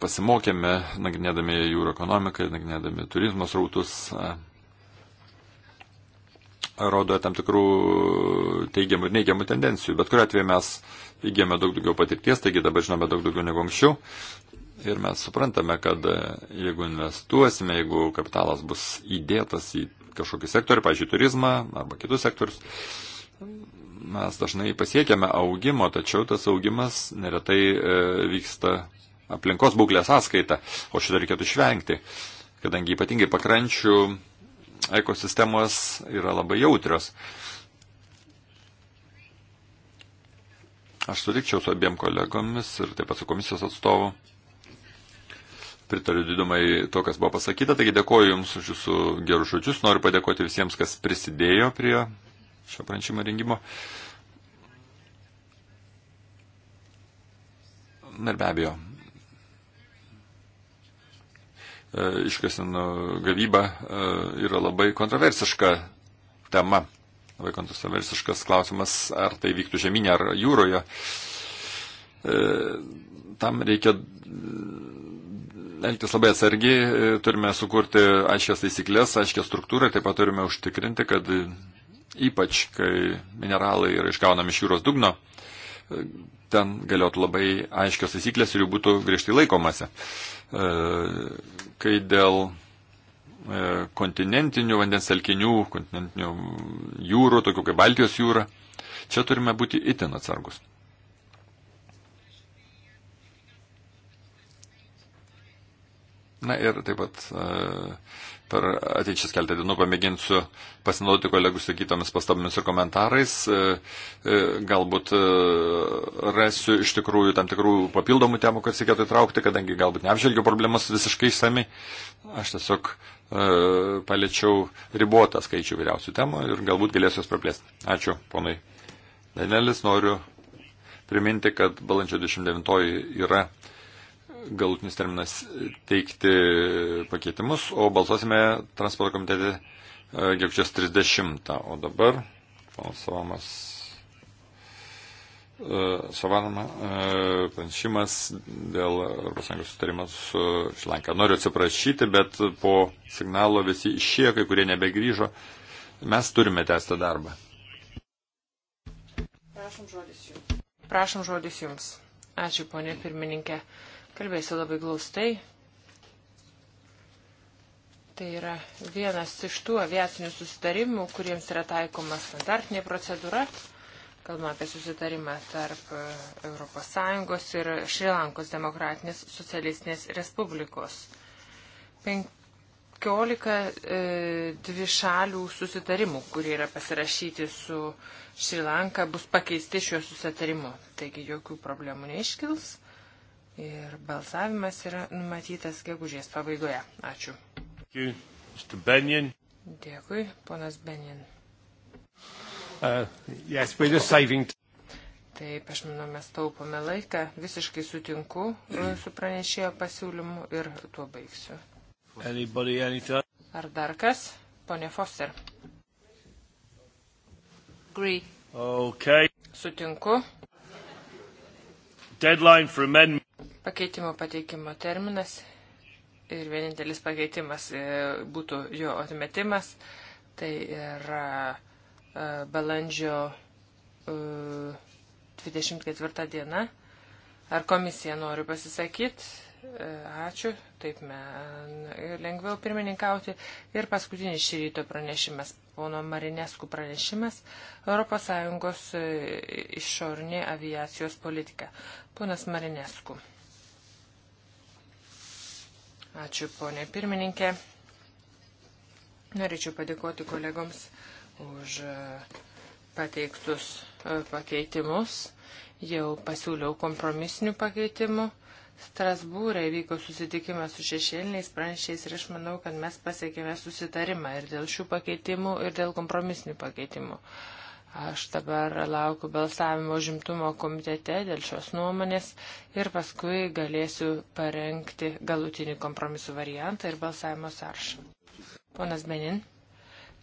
pasimokėme, nagrinėdami jūro ekonomiką, nagrinėdami turizmo srautus, rodo tam tikrų teigiamų ir neigiamų tendencijų. Bet kuriu atveju mes įgėme daug daugiau patirties, taigi dabar žinome daug daugiau negu anksčiau. Ir mes suprantame, kad e, jeigu investuosime, jeigu kapitalas bus įdėtas į kažkokį sektorių, pažiūrėjau, turizmą arba kitus sektorius, mes dažnai pasiekiame augimo, tačiau tas augimas neretai e, vyksta aplinkos būklės sąskaita, o šitą reikėtų išvengti, kadangi ypatingai pakrančių ekosistemos yra labai jautrios. Aš sutikčiau su abiem kolegomis ir taip pat su komisijos atstovu. Pritariu didumai to, kas buvo pasakyta, taigi dėkoju Jums už Jūsų gerus žodžius. Noriu padėkoti visiems, kas prisidėjo prie šio pranešimo rengimo. Ir be abejo, E, iškasinų gavyba e, yra labai kontroversiška tema, labai kontroversiškas klausimas, ar tai vyktų žemynė ar jūroje. E, tam reikia elgtis labai atsargiai, turime sukurti aiškias taisyklės, aiškią struktūrą, taip pat turime užtikrinti, kad ypač, kai mineralai yra iškaunami iš jūros dugno, ten galėtų labai aiškios taisyklės ir jų būtų griežtai laikomasi. E, kai dėl e, kontinentinių vandens telkinių, kontinentinių jūrų, tokių kaip Baltijos jūra, čia turime būti itin atsargus. Na ir taip pat e, Per ateičias keltą dienų pamėginsiu pasinaudoti kolegų sakytomis pastabomis ir komentarais. E, e, galbūt e, rasiu iš tikrųjų tam tikrų papildomų temų, kad reikėtų įtraukti, kadangi galbūt neapžvelgiu problemas visiškai sami. Aš tiesiog paliečiau ribotą skaičių vyriausių temų ir galbūt galėsiu jas praplėsti. Ačiū, ponai. Danelis, noriu priminti, kad balandžio 29 yra galutinis terminas teikti pakeitimus, o balsuosime transporto komitete e, gegužės 30. O dabar Savamas e, Savanama e, pranešimas dėl ES sutarimas su Šlanka. Noriu atsiprašyti, bet po signalo visi išėjo, kai kurie nebegrįžo. Mes turime tęsti darbą. Prašom žodis jums. Prašom žodis jums. Ačiū, ponė pirmininkė. Uh, Kalbėsiu labai glaustai. Tai yra vienas iš tų aviacinių susitarimų, kuriems yra taikoma standartinė procedūra. Kalbame apie susitarimą tarp ES ir Šrilankos demokratinės socialistinės respublikos. 15 e, dvi šalių susitarimų, kurie yra pasirašyti su Šrilanka, bus pakeisti šiuo susitarimu. Taigi jokių problemų neiškils ir balsavimas yra numatytas gegužės pabaigoje. Ačiū. Dėkui, ponas Benin. Uh, yes, Taip, aš manau, mes taupome laiką, visiškai sutinku uh, su pranešėjo pasiūlymu ir tuo baigsiu. Anybody, anytime? Ar dar kas? Pone Foster. Agree. Okay. Sutinku. Deadline for amendment. Pakeitimo pateikimo terminas ir vienintelis pakeitimas e, būtų jo atmetimas. Tai yra e, balandžio 24 e, diena. Ar komisija nori pasisakyti? Ačiū, taip man lengviau pirmininkauti. Ir paskutinis šį ryto pranešimas, pono Marineskų pranešimas, ES išorinė aviacijos politika. Ponas Marinesku. Ačiū, ponė pirmininkė. Norėčiau padėkoti kolegoms už e, pateiktus e, pakeitimus. Jau pasiūliau kompromisinių pakeitimų. Strasbūrė vyko susitikimas su šešėliniais pranešėjais ir aš manau, kad mes pasiekėme susitarimą ir dėl šių pakeitimų, ir dėl kompromisinių pakeitimų. Uh, Aš dabar laukiu balsavimo žimtumo komitete dėl šios nuomonės ir paskui galėsiu parengti galutinį kompromisų variantą ir balsavimo sąrašą. Ponas Benin,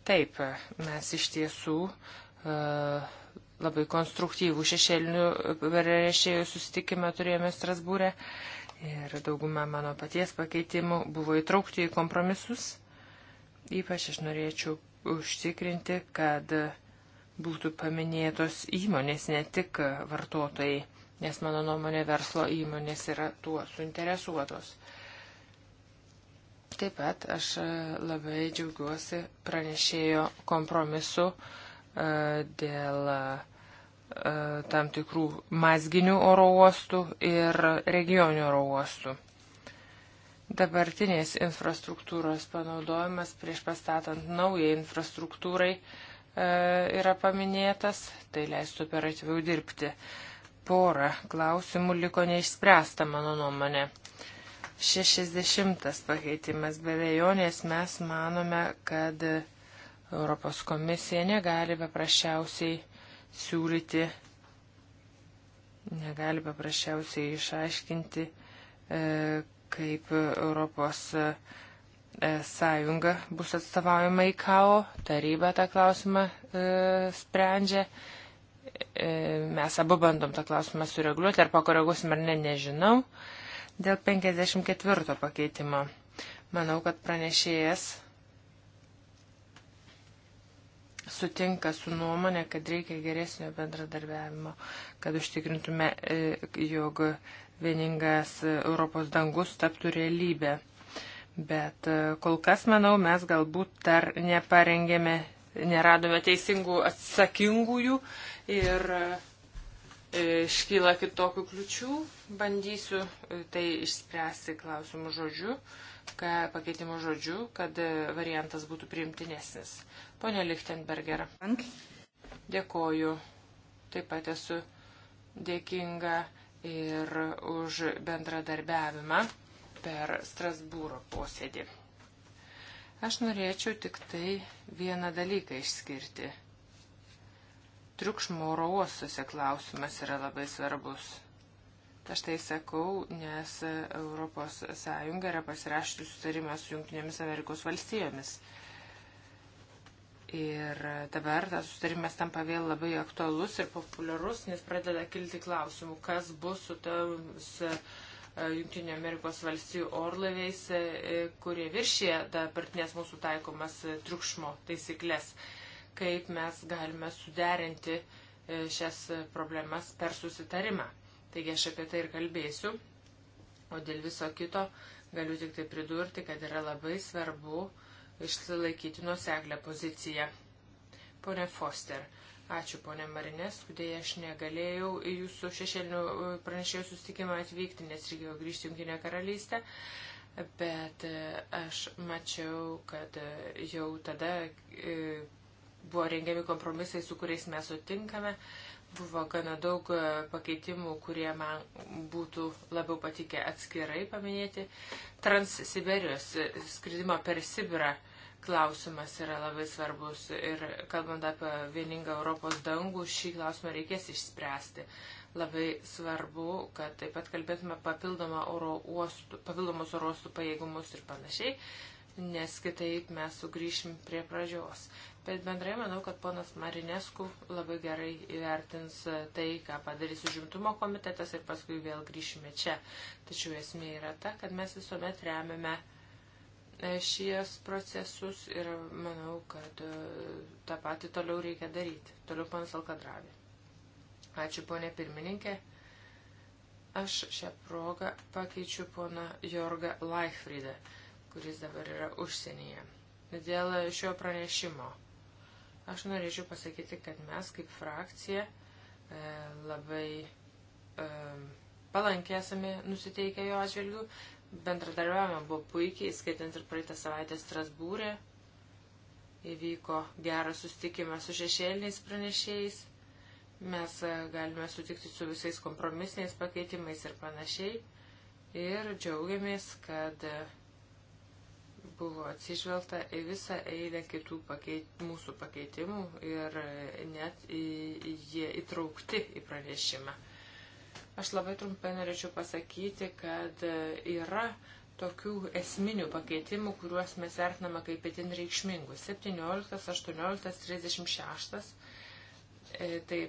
taip, mes iš tiesų uh, labai konstruktyvų šešėlinių verešėjų susitikimą turėjome Strasbūrė ir dauguma mano paties pakeitimų buvo įtraukti į kompromisus. Ypač aš norėčiau užtikrinti, kad uh, būtų paminėtos įmonės, ne tik vartotojai, nes mano nuomonė verslo įmonės yra tuo suinteresuotos. Taip pat aš e, labai džiaugiuosi pranešėjo kompromisu e, dėl e, tam tikrų mazginių oro uostų ir regionių oro uostų. Dabartinės infrastruktūros panaudojimas prieš pastatant naują infrastruktūrai uh, E, yra paminėtas, tai leistų operatyviau dirbti. Porą klausimų liko neišspręsta, mano nuomonė. 60 pakeitimas bevejonės mes manome, kad Europos komisija negali paprasčiausiai siūlyti, negali paprasčiausiai išaiškinti, e, kaip Europos komisija E, sąjunga bus atstovaujama į KAO, taryba tą klausimą e, sprendžia. E, mes abu bandom tą klausimą sureguliuoti, ar pakoreguosim ar ne, nežinau. Dėl 54 pakeitimo. Manau, kad pranešėjas sutinka su nuomonė, kad reikia geresnio bendradarbiavimo, kad užtikrintume, e, jog vieningas Europos dangus taptų realybę. Bet e, kol kas, manau, mes galbūt dar neparengėme, neradome teisingų atsakingųjų ir e, iškyla kitokių kliučių. Bandysiu e, tai išspręsti klausimų žodžiu, pakeitimų žodžiu, kad variantas būtų priimtinesnis. Pone Lichtenberger. Dėkoju. Taip pat esu dėkinga ir už bendradarbiavimą per Strasbūro posėdį. Aš norėčiau tik tai vieną dalyką išskirti. Triukšmo oro uostuose klausimas yra labai svarbus. Aš tai sakau, nes ES yra pasirašyti sutarimą su Junktinėmis Amerikos valstijomis. Ir dabar tas sutarimas tampa vėl labai aktualus ir populiarus, nes pradeda kilti klausimų, kas bus su tomis. Uh, E, Junktinio Amerikos valstijų orlaiviais, e, e, kurie viršė dabartinės mūsų taikomas triukšmo taisyklės. Kaip mes galime suderinti šias problemas per susitarimą. Taigi aš apie tai ir kalbėsiu. O dėl viso kito galiu tik tai pridurti, kad yra labai svarbu išsilaikyti nuseklę poziciją. Pone Foster, Ačiū, ponė Marinesku, dėja aš negalėjau į jūsų šešėlinių e, pranešėjų susitikimą atvykti, nes reikėjo grįžti Junkinę karalystę, bet e, aš mačiau, kad e, jau tada buvo rengiami kompromisai, su kuriais mes sutinkame. Buvo gana daug pakeitimų, kurie man būtų labiau patikę atskirai paminėti. Transsiberijos skridimo per Sibirą klausimas yra labai svarbus ir kalbant apie vieningą Europos dangų, šį klausimą reikės išspręsti. Labai svarbu, kad taip pat kalbėtume oro uostų, papildomus oro uostų pajėgumus ir panašiai, nes kitaip mes sugrįšim prie pradžios. Bet bendrai manau, kad ponas Marinesku labai gerai įvertins tai, ką padarys užimtumo komitetas ir paskui vėl grįšime čia. Tačiau esmė yra ta, kad mes visuomet remiame uh, šies procesus ir manau, kad e, tą patį toliau reikia daryti. Toliau panas Alkadravė. Ačiū ponė pirmininkė. Aš šią progą pakeičiu poną Jorgą Laichfridą, kuris dabar yra užsienyje. Dėl šio pranešimo. Aš norėčiau pasakyti, kad mes kaip frakcija e, labai e, palankiai esame nusiteikę jo atžvilgių, bendradarbiavome buvo puikiai, skaitant ir praeitą savaitę Strasbūrė. Įvyko geras sustikimas su šešėliniais pranešėjais. Mes e, galime sutikti su visais kompromisiniais pakeitimais ir panašiai. Ir džiaugiamės, kad e, buvo atsižvelgta į visą eilę kitų pakeit, mūsų pakeitimų ir e, net į, jie įtraukti į pranešimą. Aš labai trumpai norėčiau pasakyti, kad e, yra tokių esminių pakeitimų, kuriuos mes vertiname kaip itin reikšmingus. 17, 18, 36. Tai,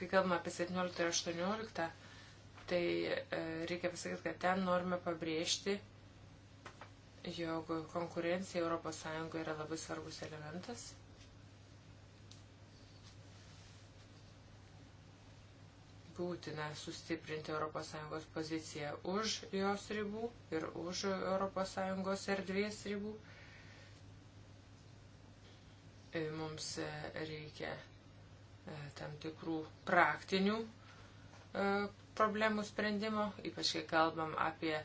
kai kalbame apie 17 ir 18, tai e, reikia pasakyti, kad ten norime pabrėžti, jog konkurencija ES yra labai svarbus elementas būtina sustiprinti ES poziciją už jos ribų ir už ES erdvės ribų. E, mums e, reikia e, tam tikrų praktinių problemų sprendimo, ypač kai kalbam apie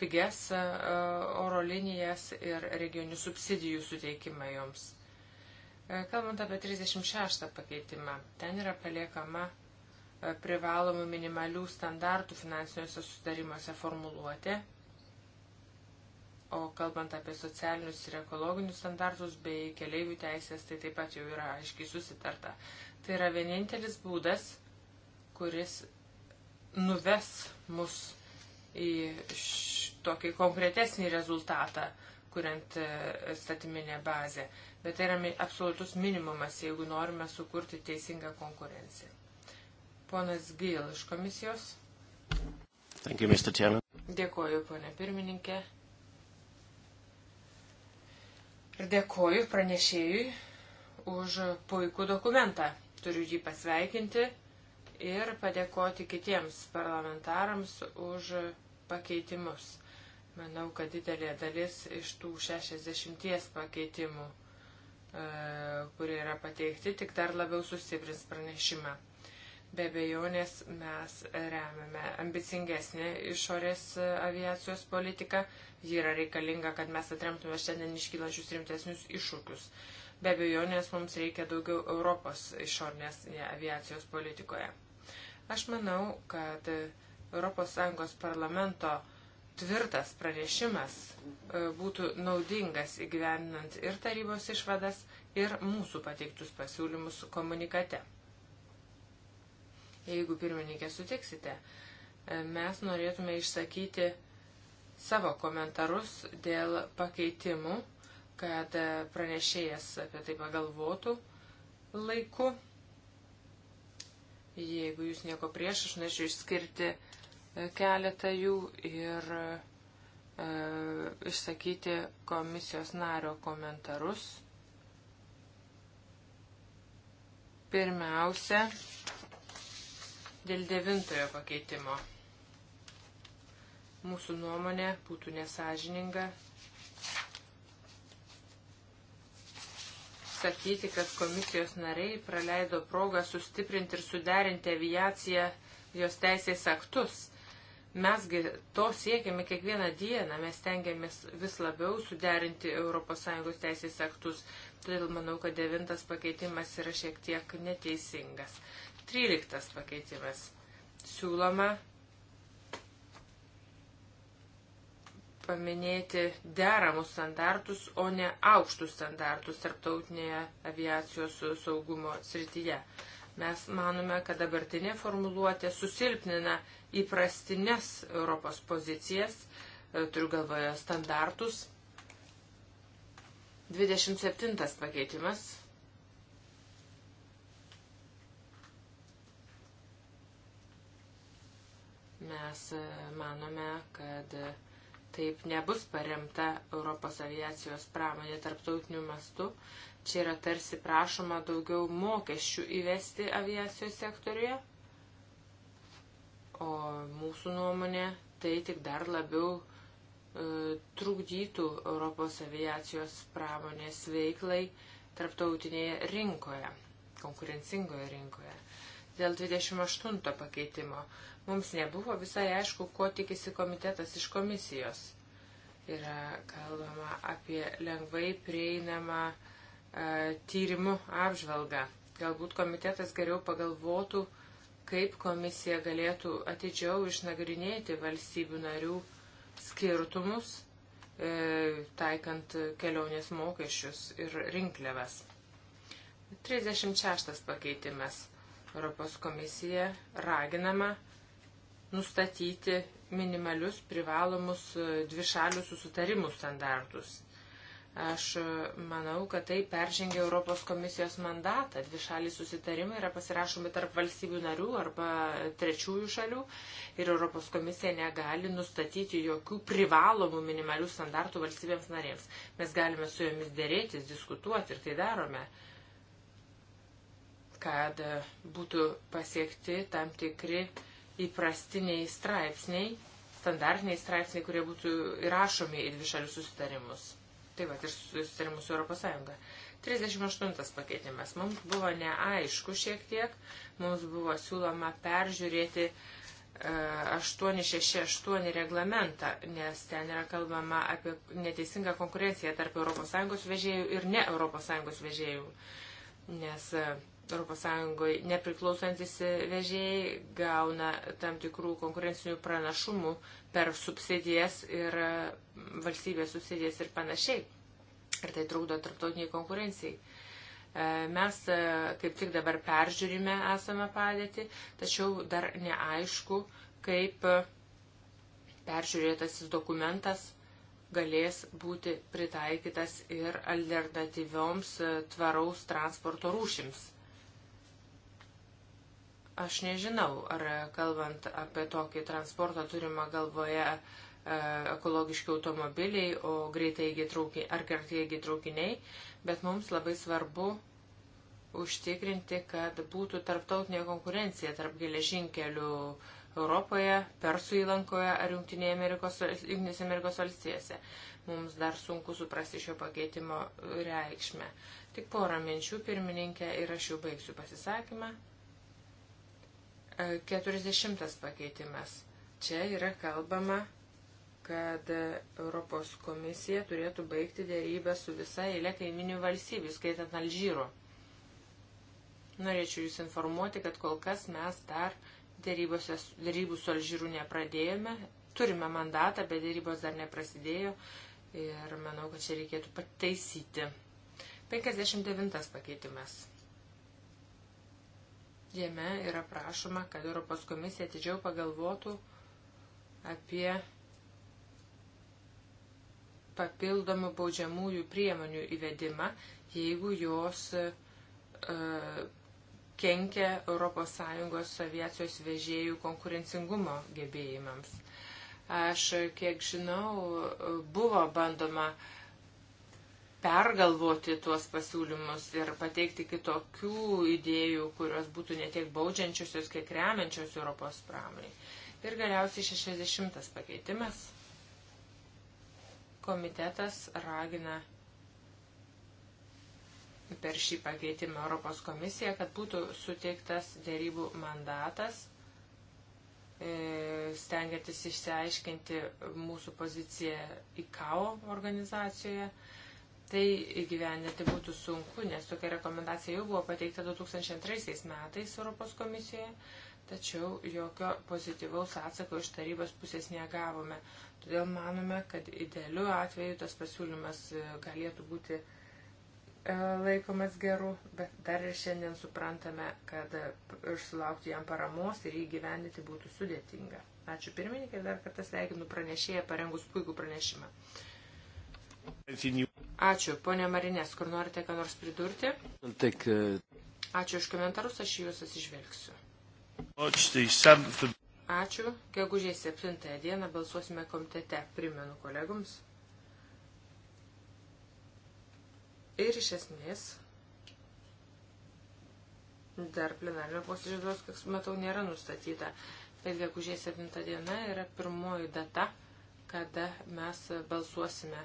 pigias oro linijas ir regionių subsidijų suteikimą joms. Kalbant apie 36 pakeitimą, ten yra paliekama privalomų minimalių standartų finansiniuose sustarimuose formuluoti, o kalbant apie socialinius ir ekologinius standartus bei keliaivių teisės, tai taip pat jau yra aiškiai susitarta. Tai yra vienintelis būdas, kuris nuves mus į tokį konkretesnį rezultatą, kuriant e, statiminę bazę. Bet tai yra absoliutus minimumas, jeigu norime sukurti teisingą konkurenciją. Ponas Gail iš komisijos. Thank you, Mr. Chairman. Dėkoju, ponė pirmininkė. Ir dėkoju pranešėjui už puikų dokumentą. Turiu jį pasveikinti ir padėkoti kitiems parlamentarams už pakeitimus. Manau, kad didelė dalis iš tų 60 pakeitimų, e, kurie yra pateikti, tik dar labiau sustiprins pranešimą. Be bejonės mes remiame ambicingesnį išorės aviacijos politiką. Ji yra reikalinga, kad mes atremtume šiandien iškylančius rimtesnius iššūkius. Be bejonės mums reikia daugiau Europos išorės aviacijos politikoje. Aš manau, kad ES parlamento tvirtas pranešimas e, būtų naudingas įgyveninant ir tarybos išvadas, ir mūsų pateiktus pasiūlymus komunikate jeigu pirmininkė sutiksite, e, mes norėtume išsakyti savo komentarus dėl pakeitimų, kad e, pranešėjas apie tai pagalvotų laiku. Jeigu jūs nieko prieš, aš norėčiau išskirti e, keletą jų ir e, išsakyti komisijos nario komentarus. Pirmiausia, Dėl devintojo pakeitimo. Mūsų nuomonė būtų nesažininga sakyti, kad komisijos nariai praleido progą sustiprinti ir suderinti aviaciją jos teisės aktus. Mesgi to siekiame kiekvieną dieną, mes tengiamės vis labiau suderinti ES teisės aktus, todėl manau, kad devintas pakeitimas yra šiek tiek neteisingas. 13 pakeitimas. Siūloma paminėti deramus standartus, o ne aukštus standartus tarptautinėje aviacijos saugumo srityje. Mes manome, kad dabartinė formuluotė susilpnina įprastinės Europos pozicijas, e, turiu galvoje standartus. 27 pakeitimas Mes e, manome, kad taip nebus paremta Europos aviacijos pramonė tarptautiniu mastu. Čia yra tarsi prašoma daugiau mokesčių įvesti aviacijos sektoriuje, o mūsų nuomonė tai tik dar labiau e, trukdytų Europos aviacijos pramonės veiklai tarptautinėje rinkoje, konkurencingoje rinkoje dėl 28 pakeitimo. Mums nebuvo visai aišku, ko tikisi komitetas iš komisijos. Yra kalbama apie lengvai prieinamą e, tyrimų apžvalgą. Galbūt komitetas geriau pagalvotų, kaip komisija galėtų atidžiau išnagrinėti valstybių narių skirtumus, e, taikant kelionės mokesčius ir rinkliavas. 36 pakeitimas Europos komisija raginama nustatyti minimalius privalomus e, dvišalių susitarimų standartus. Aš e, manau, kad tai peržengia Europos komisijos mandatą. Dvišaliai susitarimai yra pasirašomi tarp valstybių narių arba trečiųjų šalių ir Europos komisija negali nustatyti jokių privalomų minimalių standartų valstybėms narėms. Mes galime su jomis dėrėtis, diskutuoti ir tai darome. Uh, kad būtų pasiekti tam tikri įprastiniai straipsniai, standartiniai straipsniai, kurie būtų įrašomi į dvišalius susitarimus. Taip pat ir susitarimus su ES. 38 pakeitimas. Mums buvo neaišku šiek tiek, mums buvo siūloma peržiūrėti 868 e, reglamentą, nes ten yra kalbama apie neteisingą konkurenciją tarp ES vežėjų ir ne ES vežėjų. Nes uh, ES nepriklausantis vežėjai gauna tam tikrų konkurencinių pranašumų per subsidijas ir mm, valstybės subsidijas ir panašiai. Ir tai trukdo tarptautiniai konkurencijai. E, mes e, kaip tik dabar peržiūrime esamą padėtį, tačiau dar neaišku, kaip peržiūrėtasis dokumentas galės būti pritaikytas ir alternatyvioms e, tvaraus transporto rūšims Aš nežinau, ar kalbant apie tokį transportą turima galvoje e, ekologiški automobiliai, o greitaigi traukiniai ar kartieigi traukiniai, bet mums labai svarbu užtikrinti, kad būtų tarptautinė konkurencija tarp geležinkelių Europoje, Persų įlankoje ar Junktinėse Amerikos, Amerikos valstijose. Mums dar sunku suprasti šio pakeitimo reikšmę. Tik porą minčių pirmininkė ir aš jau baigsiu pasisakymą. 40 pakeitimas. Čia yra kalbama, kad Europos komisija turėtų baigti dėrybę su visa eilė kaiminių valstybių, skaitant Alžyro. Norėčiau Jūs informuoti, kad kol kas mes dar dėrybų su Alžyru nepradėjome. Turime mandatą, bet dėrybos dar neprasidėjo ir manau, kad čia reikėtų pataisyti. 59 pakeitimas. Jame yra prašoma, kad Europos komisija atidžiau pagalvotų apie papildomų baudžiamųjų priemonių įvedimą, jeigu jos uh, kenkia ES aviacijos vežėjų konkurencingumo gebėjimams. Aš, kiek žinau, buvo bandoma uh, pergalvoti tuos pasiūlymus ir pateikti kitokių idėjų, kurios būtų ne tiek baudžiančiosios, kiek remiančios Europos pramonį. Ir galiausiai 60 pakeitimas. Komitetas ragina per šį pakeitimą Europos komisiją, kad būtų suteiktas dėrybų mandatas, e, stengiantis išsiaiškinti mūsų poziciją ICAO organizacijoje tai įgyvendinti būtų sunku, nes tokia rekomendacija jau buvo pateikta 2002 metais Europos komisijoje, tačiau jokio pozityvaus atsako iš tarybos pusės negavome. Todėl manome, kad idealiu atveju tas pasiūlymas e, galėtų būti e, laikomas geru, bet dar ir šiandien suprantame, kad ir sulaukti jam paramos ir įgyvendinti būtų sudėtinga. Ačiū pirmininkai, dar kartą sveikinu pranešėją parengus puikų pranešimą. Senior. Ačiū. Pone Marinės, kur norite ką nors pridurti? E, Ačiū iš komentarus, aš jūs atsižvelgsiu. Ačiū. Gegužės 7 dieną balsuosime komitete, primenu kolegoms. Ir iš esmės dar plenarinio posėdžio duos, kiek matau, nėra nustatyta. Bet tai gegužės 7 diena yra pirmoji data, kada mes balsuosime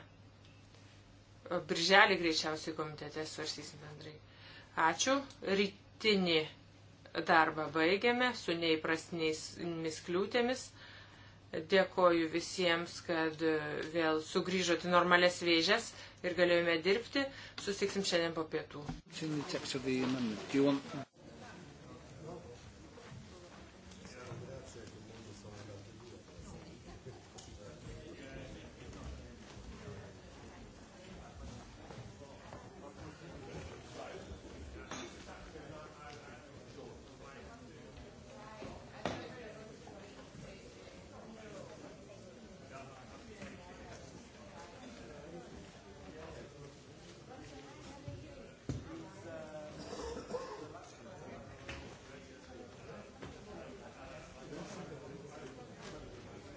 Birželį greičiausiai komitete svarstysim bendrai. Ačiū. Rytinį darbą baigiame su neįprastiniais kliūtėmis. Dėkoju visiems, kad e, vėl sugrįžote normales vėžės ir galėjome dirbti. Susiksim šiandien po pietų.